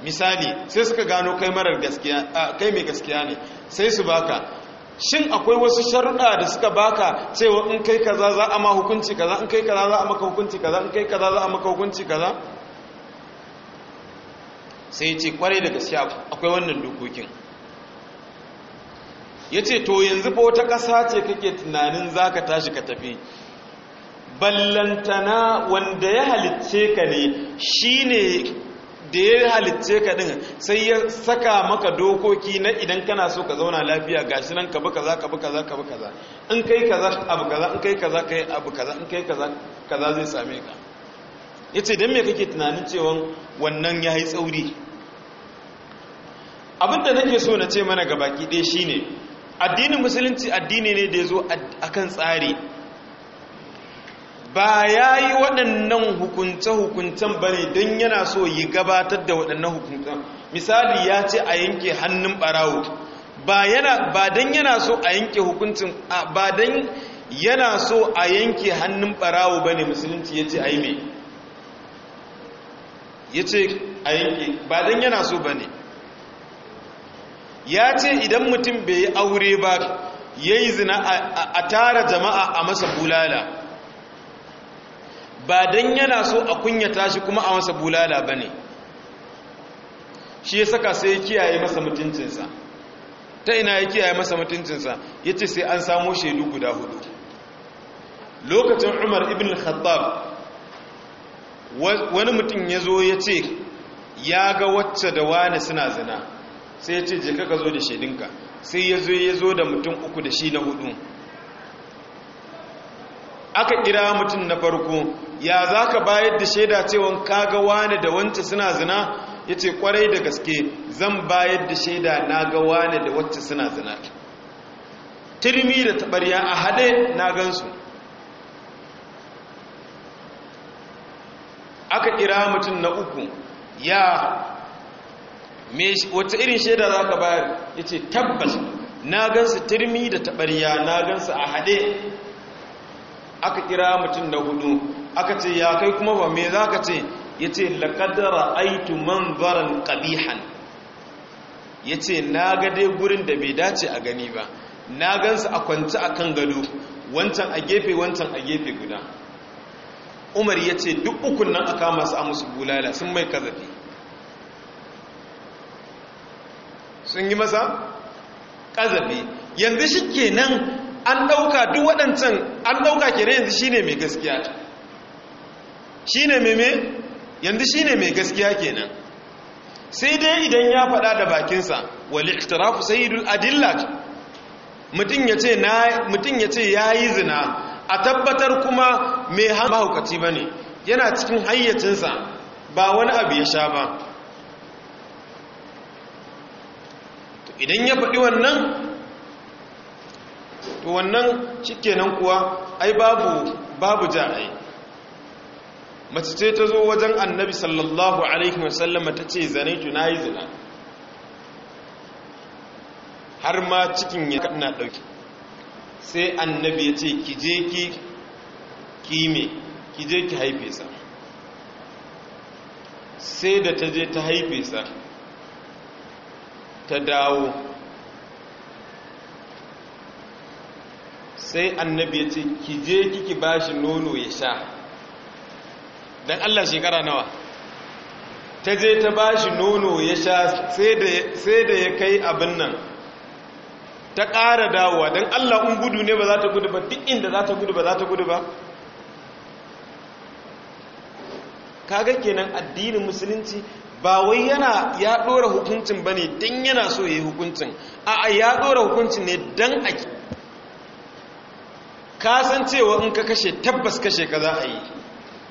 misali sai suka gano kai marar gaskiya kai mai gaskiya ne sai su baka shin akwai wasu sharuɗa da suka baka cewa in kai kaza za a ma hukunci kaza in kai kaza za a maka hukunci kaza in kai kaza za a maka hukunci kaza sai ce kwarai da gaskiya akwai wannan dokokin ya ce to yanzu ba wata ƙasa ce kake tunanin za ka tashi ka tafi ballantana wanda ya halicce ka ne shi ne da ya halicce ka din sai ya saka maka dokoki na idan kana so ka zauna lafiya gashi nan ka bi kaza ka bi kaza ka bi kaza in kai kaza abu kaza in kai kaza kai abu kaza in kai kaza kaza zai same ka yace dan me kake tunanin cewa wannan yayi tsauri abinda nake so na ce mana gabaki ɗaya shine addinin musulunci addini ne da yazo akan tsari ba ya yi waɗannan hukunce-hukuncen ba ne don yana so yi gabatar da waɗannan hukuncen misali ya ce a yanke hannun ɓarawo ba don yana so a yanke hukuncin ba don yana so a yanke hannun ɓarawo ba ne musulunci ya ce a yi mai ya ce a yanke ba don yana so ba ne ya ce idan mutum bai yi aure ba ya yi zina a tara jama'a a masa bulala ba don yana so a kunyata shi kuma a masa bulala ba ne shi ya saka sai ya kiyaye masa mutuncinsa ta ina ya kiyaye masa mutuncinsa ya ce sai an samo shaidu guda hudu lokacin umar ibn khattab wani mutum ya zo ya ce ya ga wacce da wane suna zina sai ya ce je ka zo da shaidinka sai ya zo ya zo da mutum uku da shi na hudu aka kira mutum na farko ya za ka bayar da shaida cewa kaga wane da wance suna zina ya ce kwarai da gaske zan bayar da shaida na ga wane da wancan suna zina turmi da taɓarya a haɗe na gansu aka kira mutum na uku ya wata irin shaida za ka bayar ya ce tabbas na gansu turmi da taɓarya na gansu a haɗe aka kira mutum da hudu aka ce ya kai kuma ba me za ka ce ya ce laƙadara aitu manzaran ƙabihan ya ce na dai gurin da bai dace a gani ba na gansu a kwanci a kan gado wancan a gefe wancan a gefe guda umar ya ce duk ukun nan aka masu a musu bulala sun mai kazafi sun yi masa kazafi yanzu shi kenan an ɗauka duk waɗancan an ɗauka kenan yanzu shine mai gaskiya shine mai mai yanzu shine mai gaskiya kenan sai dai idan ya faɗa da bakinsa wali sai sayyidul adillat mutum ya ce ya ce yayi zina a tabbatar kuma mai mahaukaci ne, yana cikin hayyacinsa ba wani abu ya sha ba idan ya faɗi wannan to wannan shikenan kuwa ai babu babu ja'ai mace ce ta zo wajen annabi sallallahu alaihi wasallam ta ce zane ki yi zina har ma cikin ya kana dauki sai annabi ya ce ki je ki kime ki je ki haife sa sai da ta je ta haife sa ta dawo sai annabi ya ce ki je kiki shi nono ya sha dan Allah shekara nawa ta je ta ba shi nono ya sha sai da ya kai abin nan ta ƙara dawowa don Allah un gudu ne ba za ta gudu ba duk inda za ta gudu ba za ta gudu ba kaga kenan addinin musulunci ba wai yana ya ɗora hukuncin ba ne don yana so ya yi hukuncin a ya ɗora hukuncin ne don a ka san cewa in ka kashe tabbas kashe ka za a yi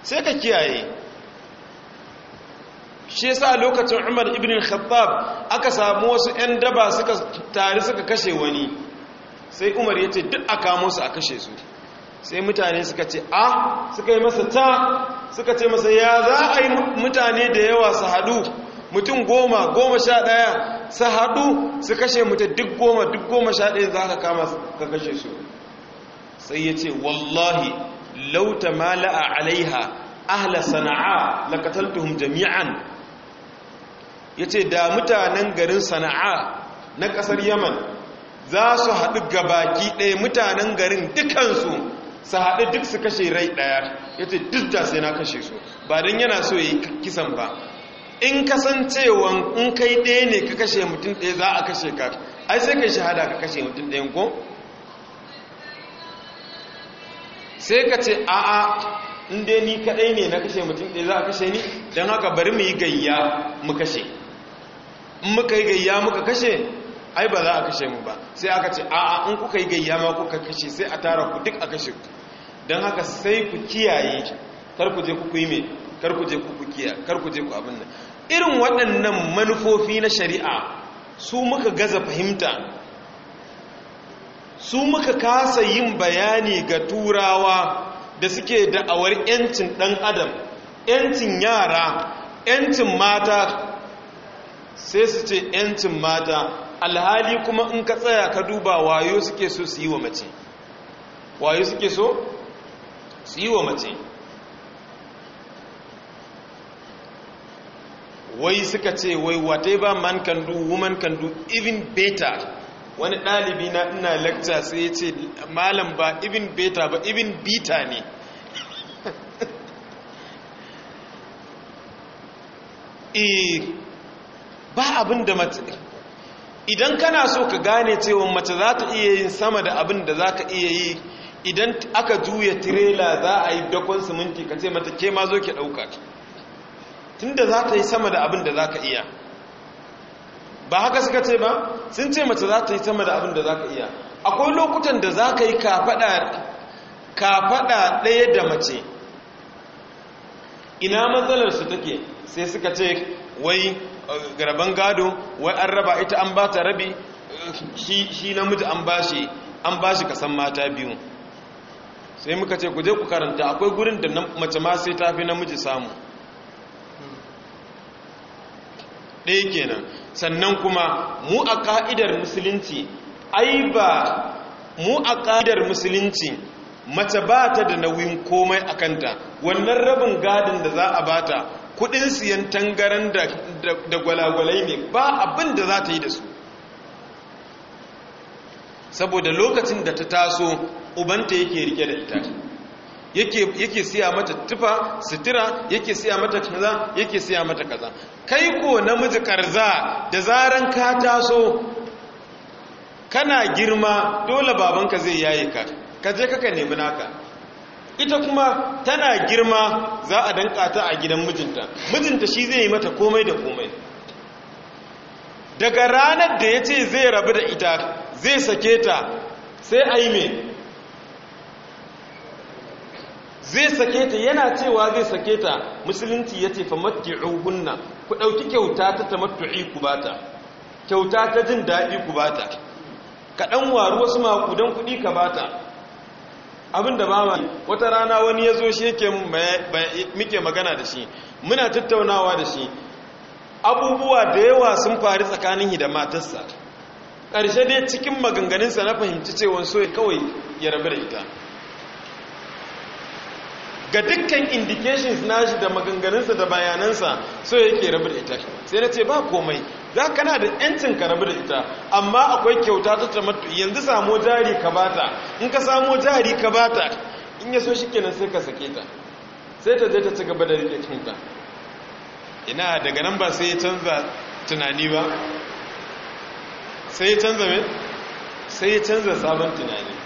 sai ka kiyaye shi yasa lokacin Umar ibn khattab aka samu wasu yan daba suka tare suka kashe wani sai Umar ya ce duk kamo su a kashe su sai mutane suka ce a suka yi masa ta suka ce masa ya za a yi mutane da yawa su haɗu mutum goma goma sha ɗaya su haɗu su kashe mutu duk goma duk goma sha ɗaya za ka kama ka kashe su sai ya ce wallahi lauta mala'a alaiha ahla sana'a lakataltuhum jami'an ya ce da mutanen garin sana'a na kasar yaman za su haɗu baki ɗaya mutanen garin dukansu su haɗu duk su kashe rai ɗaya ya ce duk da sai na kashe su ba don yana so yi kisan ba in kasancewan in kai ɗaya ne ka kashe mutum ɗaya za a kashe ka ai sai kai shahada ka kashe mutum ɗayan ko sai ka ce a'a a inda ni kadai ne na kashe mutum ɗaya za a kashe ni don haka bari mu yi gayya mu kashe in muka yi gayya muka kashe ai ba za a kashe mu ba sai aka ce a'a in kuka yi gayya ma kuka kashe sai a tara ku duk a kashe ku don haka sai ku kiyaye kar ku je ku yi mai kar ku je ku kiya kar ku je ku abin nan irin waɗannan manufofi na shari'a su muka gaza fahimta su muka kasa yin bayani ga turawa da suke da'awar 'yancin dan adam 'yancin yara 'yancin mata sai su ce 'yancin mata alhali kuma in ka tsaya ka duba wayo suke so su yi wa mace wayo suke so su yi wa mace wai suka ce wai whatever man can do woman can do even better wani ɗalibi na ina lecture sai ya ce malam ba ibin beta ba ibin bita ne eh, ba abin da mace idan kana so ka gane cewa mace za ta iya yin sama da abin da za ka iya yi idan aka juya tirela za a yi dakon siminti ka ce mata ke ma zo ki ɗauka tun da za ta yi sama da abin da za ka iya ba haka suka ce ba sun ce mace za ta yi sama da abin da za ka iya akwai lokutan da za ka yi kafaɗa ɗaya da mace ina su take sai suka ce wai garban eh, gado wai an raba ita an ba ta rabi eh, shi namiji an ba shi an ba shi kasan mata biyu sai muka ce ku je ku karanta akwai gurin da mace ma sai ta fi namiji samu ɗaya kenan sannan kuma mu a ka'idar musulunci ai ba mu a ka'idar musulunci mace ba ta da nauyin komai a kanta wannan rabin gadin da za a bata kudin siyan tangaran da gwalagwalai ne ba abin da za ta yi da su saboda lokacin da ta taso ubanta yake rike da ita yake siya mata tufa sitira yake siya mata kaza yake siya mata kaza kai ko namiji karza da zaran ka taso kana girma dole babanka zai yayi ka ka je kaka nemi naka ita kuma tana girma za a danka ta a gidan mijinta mijinta shi zai yi mata komai da komai daga ranar da ya ce zai rabu da ita zai sake ta sai a yi mai zai sake ta yana cewa zai sake ta musulunci ya ce famatti'uhunna ku ɗauki kyauta ta tamattu'i ku bata kyauta ta jin daɗi ku bata ta kaɗan waru wasu makudan kuɗi ka Abin abinda ba ma wata rana wani ya zo shi yake muke magana da shi muna tattaunawa da shi abubuwa da yawa sun faru tsakanin da matarsa ƙarshe dai cikin maganganunsa na fahimci cewa so kawai ya rabu da ita ga dukkan indications nashi da maganganunsa da bayanansa so yake rabu da ita sai na ce ba komai za ka na da yancin ka rabu da ita amma akwai kyauta ta tamattu yanzu samo jari ka bata in ka samo jari ka bata in ya so shi kenan sai ka sake ta sai ta je ta ci gaba da rike cinta ina daga nan ba sai ya canza tunani ba sai canza sai ya canza sabon tunani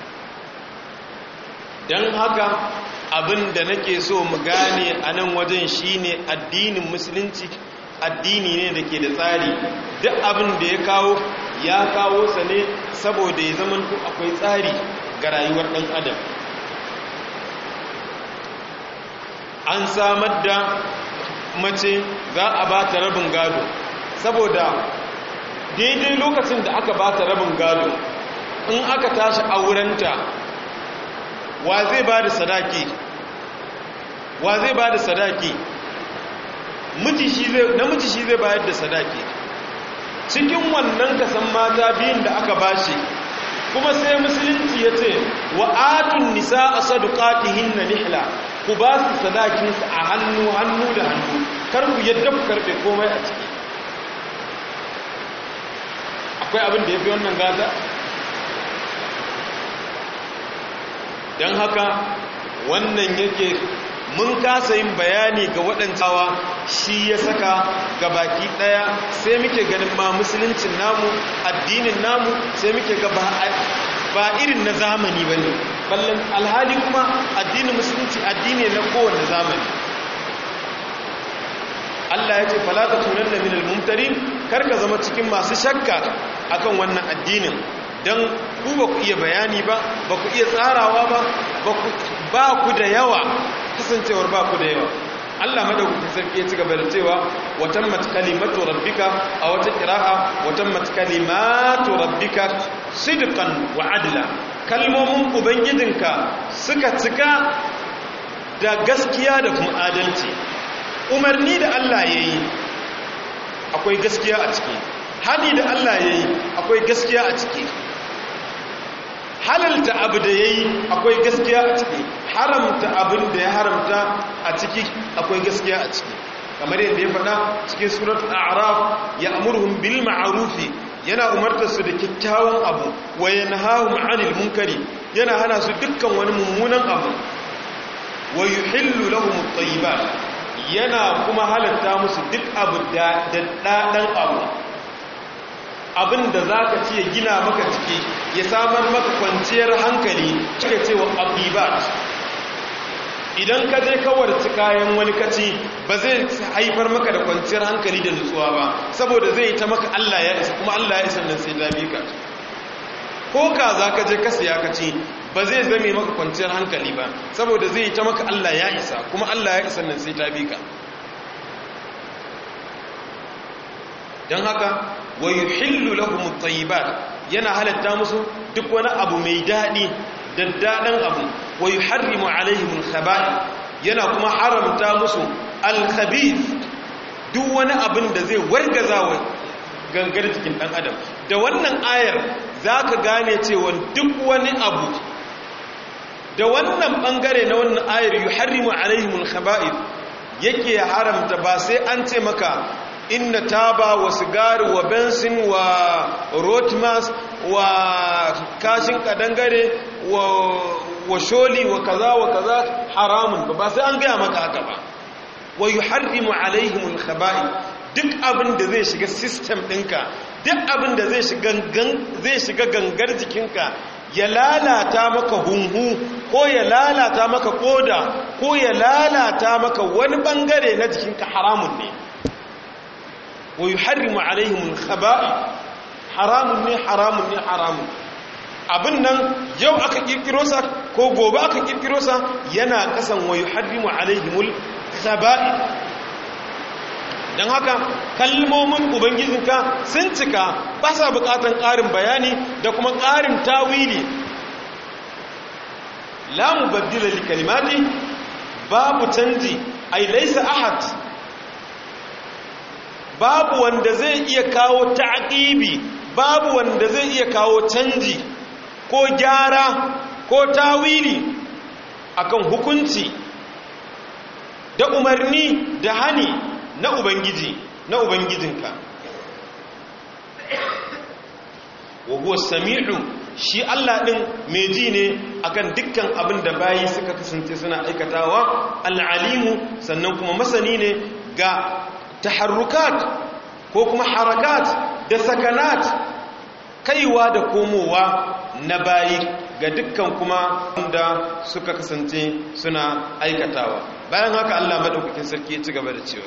don haka abin da nake so mu gane a nan wajen shi ne addinin musulunci addini ne da ke da tsari duk abin da ya kawo ya kawo sa ne saboda ya zama akwai tsari ga rayuwar ɗan adam an samar da mace za a ba ta rabin gado saboda daidai lokacin da aka ba ta rabin gado in aka tashi aurenta wa zai ba da sadaki wa zai ba da sadaki namiji shi zai bayar da sadaki cikin wannan kasan mata biyun da aka bashi kuma sai musulunci ya ce wa atun nisa a sadukatihin hinna nihla ku ba su sadakinsu a hannu hannu da hannu kar ku yadda ku karfe komai a ciki akwai abin da ya fi wannan gaza don haka wannan yake mun kasa yin bayani ga waɗancawa shi ya saka ga baki ɗaya sai muke ganin ma musuluncin namu addinin namu sai muke ga ba irin na zamani ba ne ballon alhali kuma addinin musulunci addini na kowane zamani Allah ya ce falata tunan da minal mumtari karka zama cikin masu shakka akan wannan addinin don ku ba ku iya bayani ba ba ku iya tsarawa ba ba ku da yawa kasancewar ba ku da yawa Allah madaukakin sarki ya ci gaba da cewa watan matkalimatu rabbika a wata kira'a watan matkalimatu rabbika sidqan wa adla kalmomin ubangijinka suka cika da gaskiya da kuma adalci umarni da Allah yayi akwai gaskiya a ciki hani da Allah yayi akwai gaskiya a ciki halalta abu da ya yi akwai gaskiya a ciki haramta abin da ya haramta a ciki akwai gaskiya a ciki kamar yadda ya faɗa cikin surat a'raf ya amurhun bil ma'arufi yana umartarsu da kyakkyawan abu wa yanhahum 'anil munkari yana hana su dukkan wani mummunan abu wa yuhillu lahu at-tayyibat yana kuma halatta musu duk abu da dadan abu abin da za ka ce gina maka ciki ya samar maka kwanciyar hankali cika cewa abibat idan ka je kawarci kayan wani kaci ba zai haifar maka da kwanciyar hankali da nutsuwa ba saboda zai ta maka allah ya isa kuma allah ya isa nan sai labi ka ko ka za ka je ka siya kaci ba zai zame maka kwanciyar hankali ba saboda zai ta maka allah ya isa kuma allah ya isa nan sai labi ka don haka wa yuhillu lahum at-tayyibat yana halatta musu duk wani abu mai dadi daddadan abu wa yuharrimu alaihim al-khaba'i yana kuma haramta musu al-khabith duk wani abin da zai wargaza wa gangar jikin dan adam da wannan ayar zaka gane cewa duk wani abu da wannan bangare na wannan ayar yuharrimu alaihim al-khaba'ith yake haramta ba sai an ce maka inna taba wa sigari wa bensin wa rotmas wa kashin kadangare wa sholi wa kaza wa kaza haramun ba sai an gaya maka haka ba wa yuharrimu alaihimul khaba'i duk abin da zai shiga system ɗinka duk abin da zai shiga gangar jikinka ya lalata maka hunhu ko ya lalata maka koda ko ya lalata maka wani bangare na jikinka haramun ne wa yuharrimu alaihimul khaba'i haramun ne haramun ne haramun abin nan yau aka kirkiro sa ko gobe aka kirkiro sa yana kasan wa yuharrimu alaihimul khaba'i don haka kalmomin ubangijinka sun cika basa sa bukatan ƙarin bayani da kuma ƙarin tawili lamu baddila li kalimati babu canji ai laisa ahad babu wanda zai iya kawo ta'qibi babu wanda zai iya kawo canji ko gyara ko tawili akan hukunci da umarni da hani na ubangiji na ubangijinka wa huwa sami'u shi Allah din mai ji ne akan dukkan abin da bayi suka kasance suna aikatawa al'alimu sannan kuma masani ne ga taharrukat ko kuma harakat da sakanat kaiwa da komowa na bayi ga dukkan kuma Wanda suka kasance suna aikatawa bayan haka Allah madaukakin sarki ya ci gaba da cewa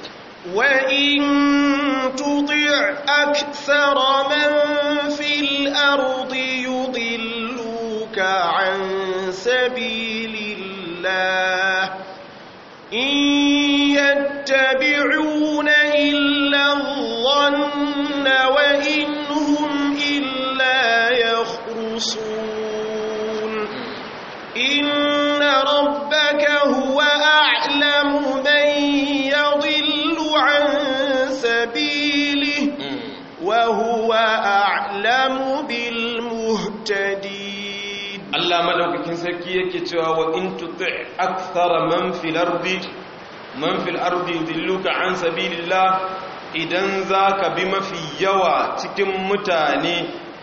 وإن تطع أكثر من في الأرض يضلوك عن سبيل الله إن يتبعون إلا الظن وإن هم إلا يخرصون إن ربك هو أعلم من يضل عن سبيله وهو أعلم بالمهتدين الله ملوك كنسكي يكتوى وإن تطع أكثر من في الأرض man fil ardi an sabilillah idan zaka bi mafi yawa cikin mutane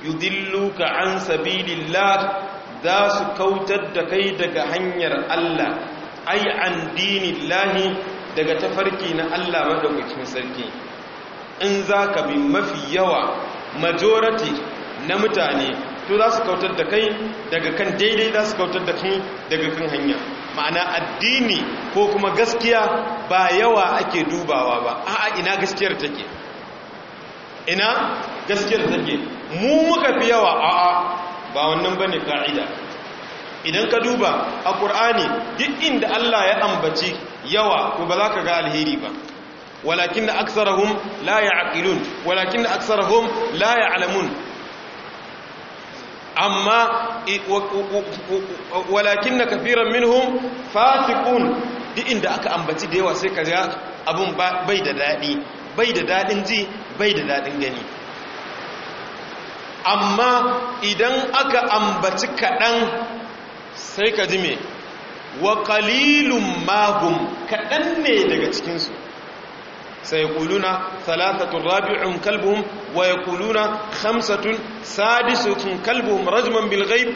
yudilluka an sabilillah za su kautar da kai daga hanyar Allah ai an dinillahi daga tafarki na Allah madaukakin sarki in zaka bi mafi yawa majority na mutane to za su kautar da kai daga kan daidai za su kautar da kai daga kan hanya ma'ana addini ko kuma gaskiya ba yawa ake dubawa ba a'a ina gaskiyar take ina gaskiyar take mu muka fi yawa a'a ba wannan bane ka'ida idan ka duba a ƙur'ani duk inda Allah ya ambaci yawa ko ba za ka ga alheri ba walakin da aksarahum la ya'qilun walakin da aksarahum la alamun amma walakin na kafiran minhum fatikun duk inda aka ambaci da yawa sai ka ga abin bai da daɗi bai da daɗin ji bai da daɗin gani amma idan aka ambaci kaɗan sai ka ji me wa ƙalilun mahum kaɗan ne daga cikinsu sayaquluna thalathatu rabi'un kalbuhum wa yaquluna khamsatun sadisatun kalbuhum rajman bil ghaib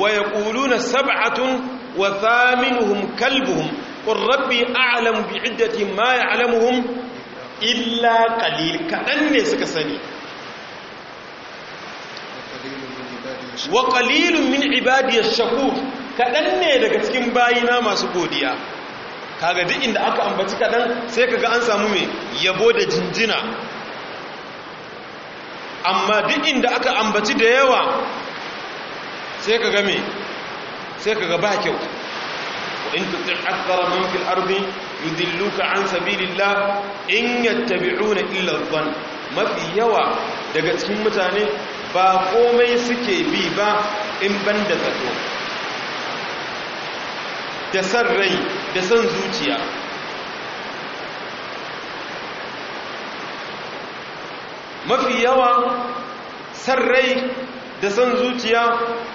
wa yaquluna sab'atun wa thaminuhum kalbuhum qur rabbi a'lamu bi 'iddatihim ma ya'lamuhum illa qalil kadan ne suka sani wa qalilun min ibadiyash shaku kadan ne daga cikin bayina masu godiya kaga duk inda aka ambaci kaɗan sai kaga an samu mai yabo da jinjina amma duk inda aka ambaci da yawa sai kaga mai sai kaga ba kyau in tuti akthara man fil ardi yudilluka an sabilillah in yattabi'una illa dhann mafi yawa daga cikin mutane ba komai suke bi ba in banda zato da san rai da san zuciya mafi yawa san rai da san zuciya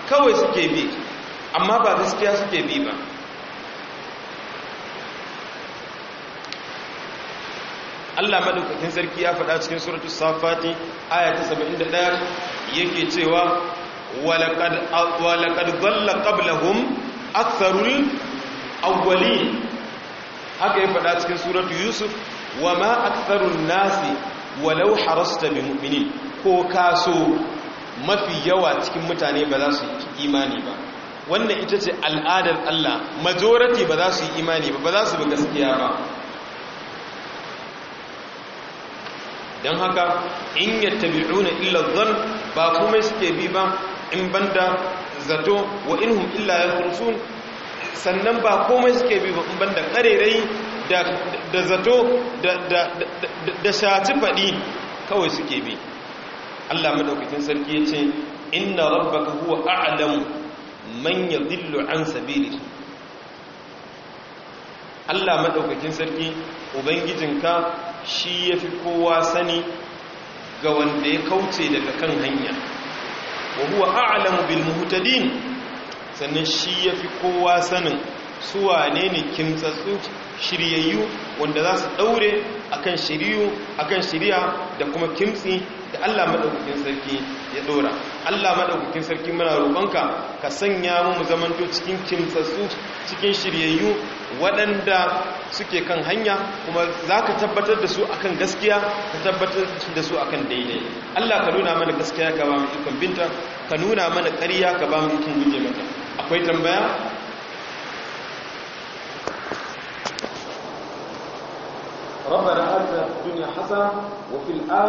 kawai suke bi amma ba gaskiya suke bi ba Allah madaukakin sarki ya faɗa cikin suratul safati aya ta 71 yake cewa walaqad walaqad dhalla qablahum aktharul awwali haka ya faɗa cikin suratu yusuf wa ma aktharun nasi walau harasta bi mu'minin ko kaso mafi yawa cikin mutane ba za su yi imani ba wannan ita ce al'adar Allah majority ba za su yi imani ba ba za su bi gaskiya ba dan haka in yattabi'una illa dhann ba kuma suke bi ba in banda zato wa inhum illa yakhrusun sannan ba komai suke bi ba ban da karerai da zato da shaci faɗi kawai suke bi Allah madaukakin sarki ya ce inna rabbaka huwa a'lamu man yadillu an sabili Allah madaukakin sarki ubangijinka shi yafi kowa sani ga wanda ya kauce daga kan hanya wa huwa a'lamu bil muhtadin sannan shi ya fi kowa sanin suwa ne ne kimtsatsu shiryayyu wanda za su daure akan shiryu akan shirya da kuma kimtsi da Allah madaukakin sarki ya dora Allah madaukakin sarki muna roƙonka ka sanya mu mu zamanto cikin kimtsatsu cikin shiryayyu waɗanda suke kan hanya kuma za ka tabbatar da su akan gaskiya ka tabbatar da su akan daidai Allah ka nuna mana gaskiya ka ba mu ikon binta ka nuna mana ƙarya ka ba mu ikon guje mata akwai tambaya ربنا آتنا في الدنيا حسنة وفي الآخرة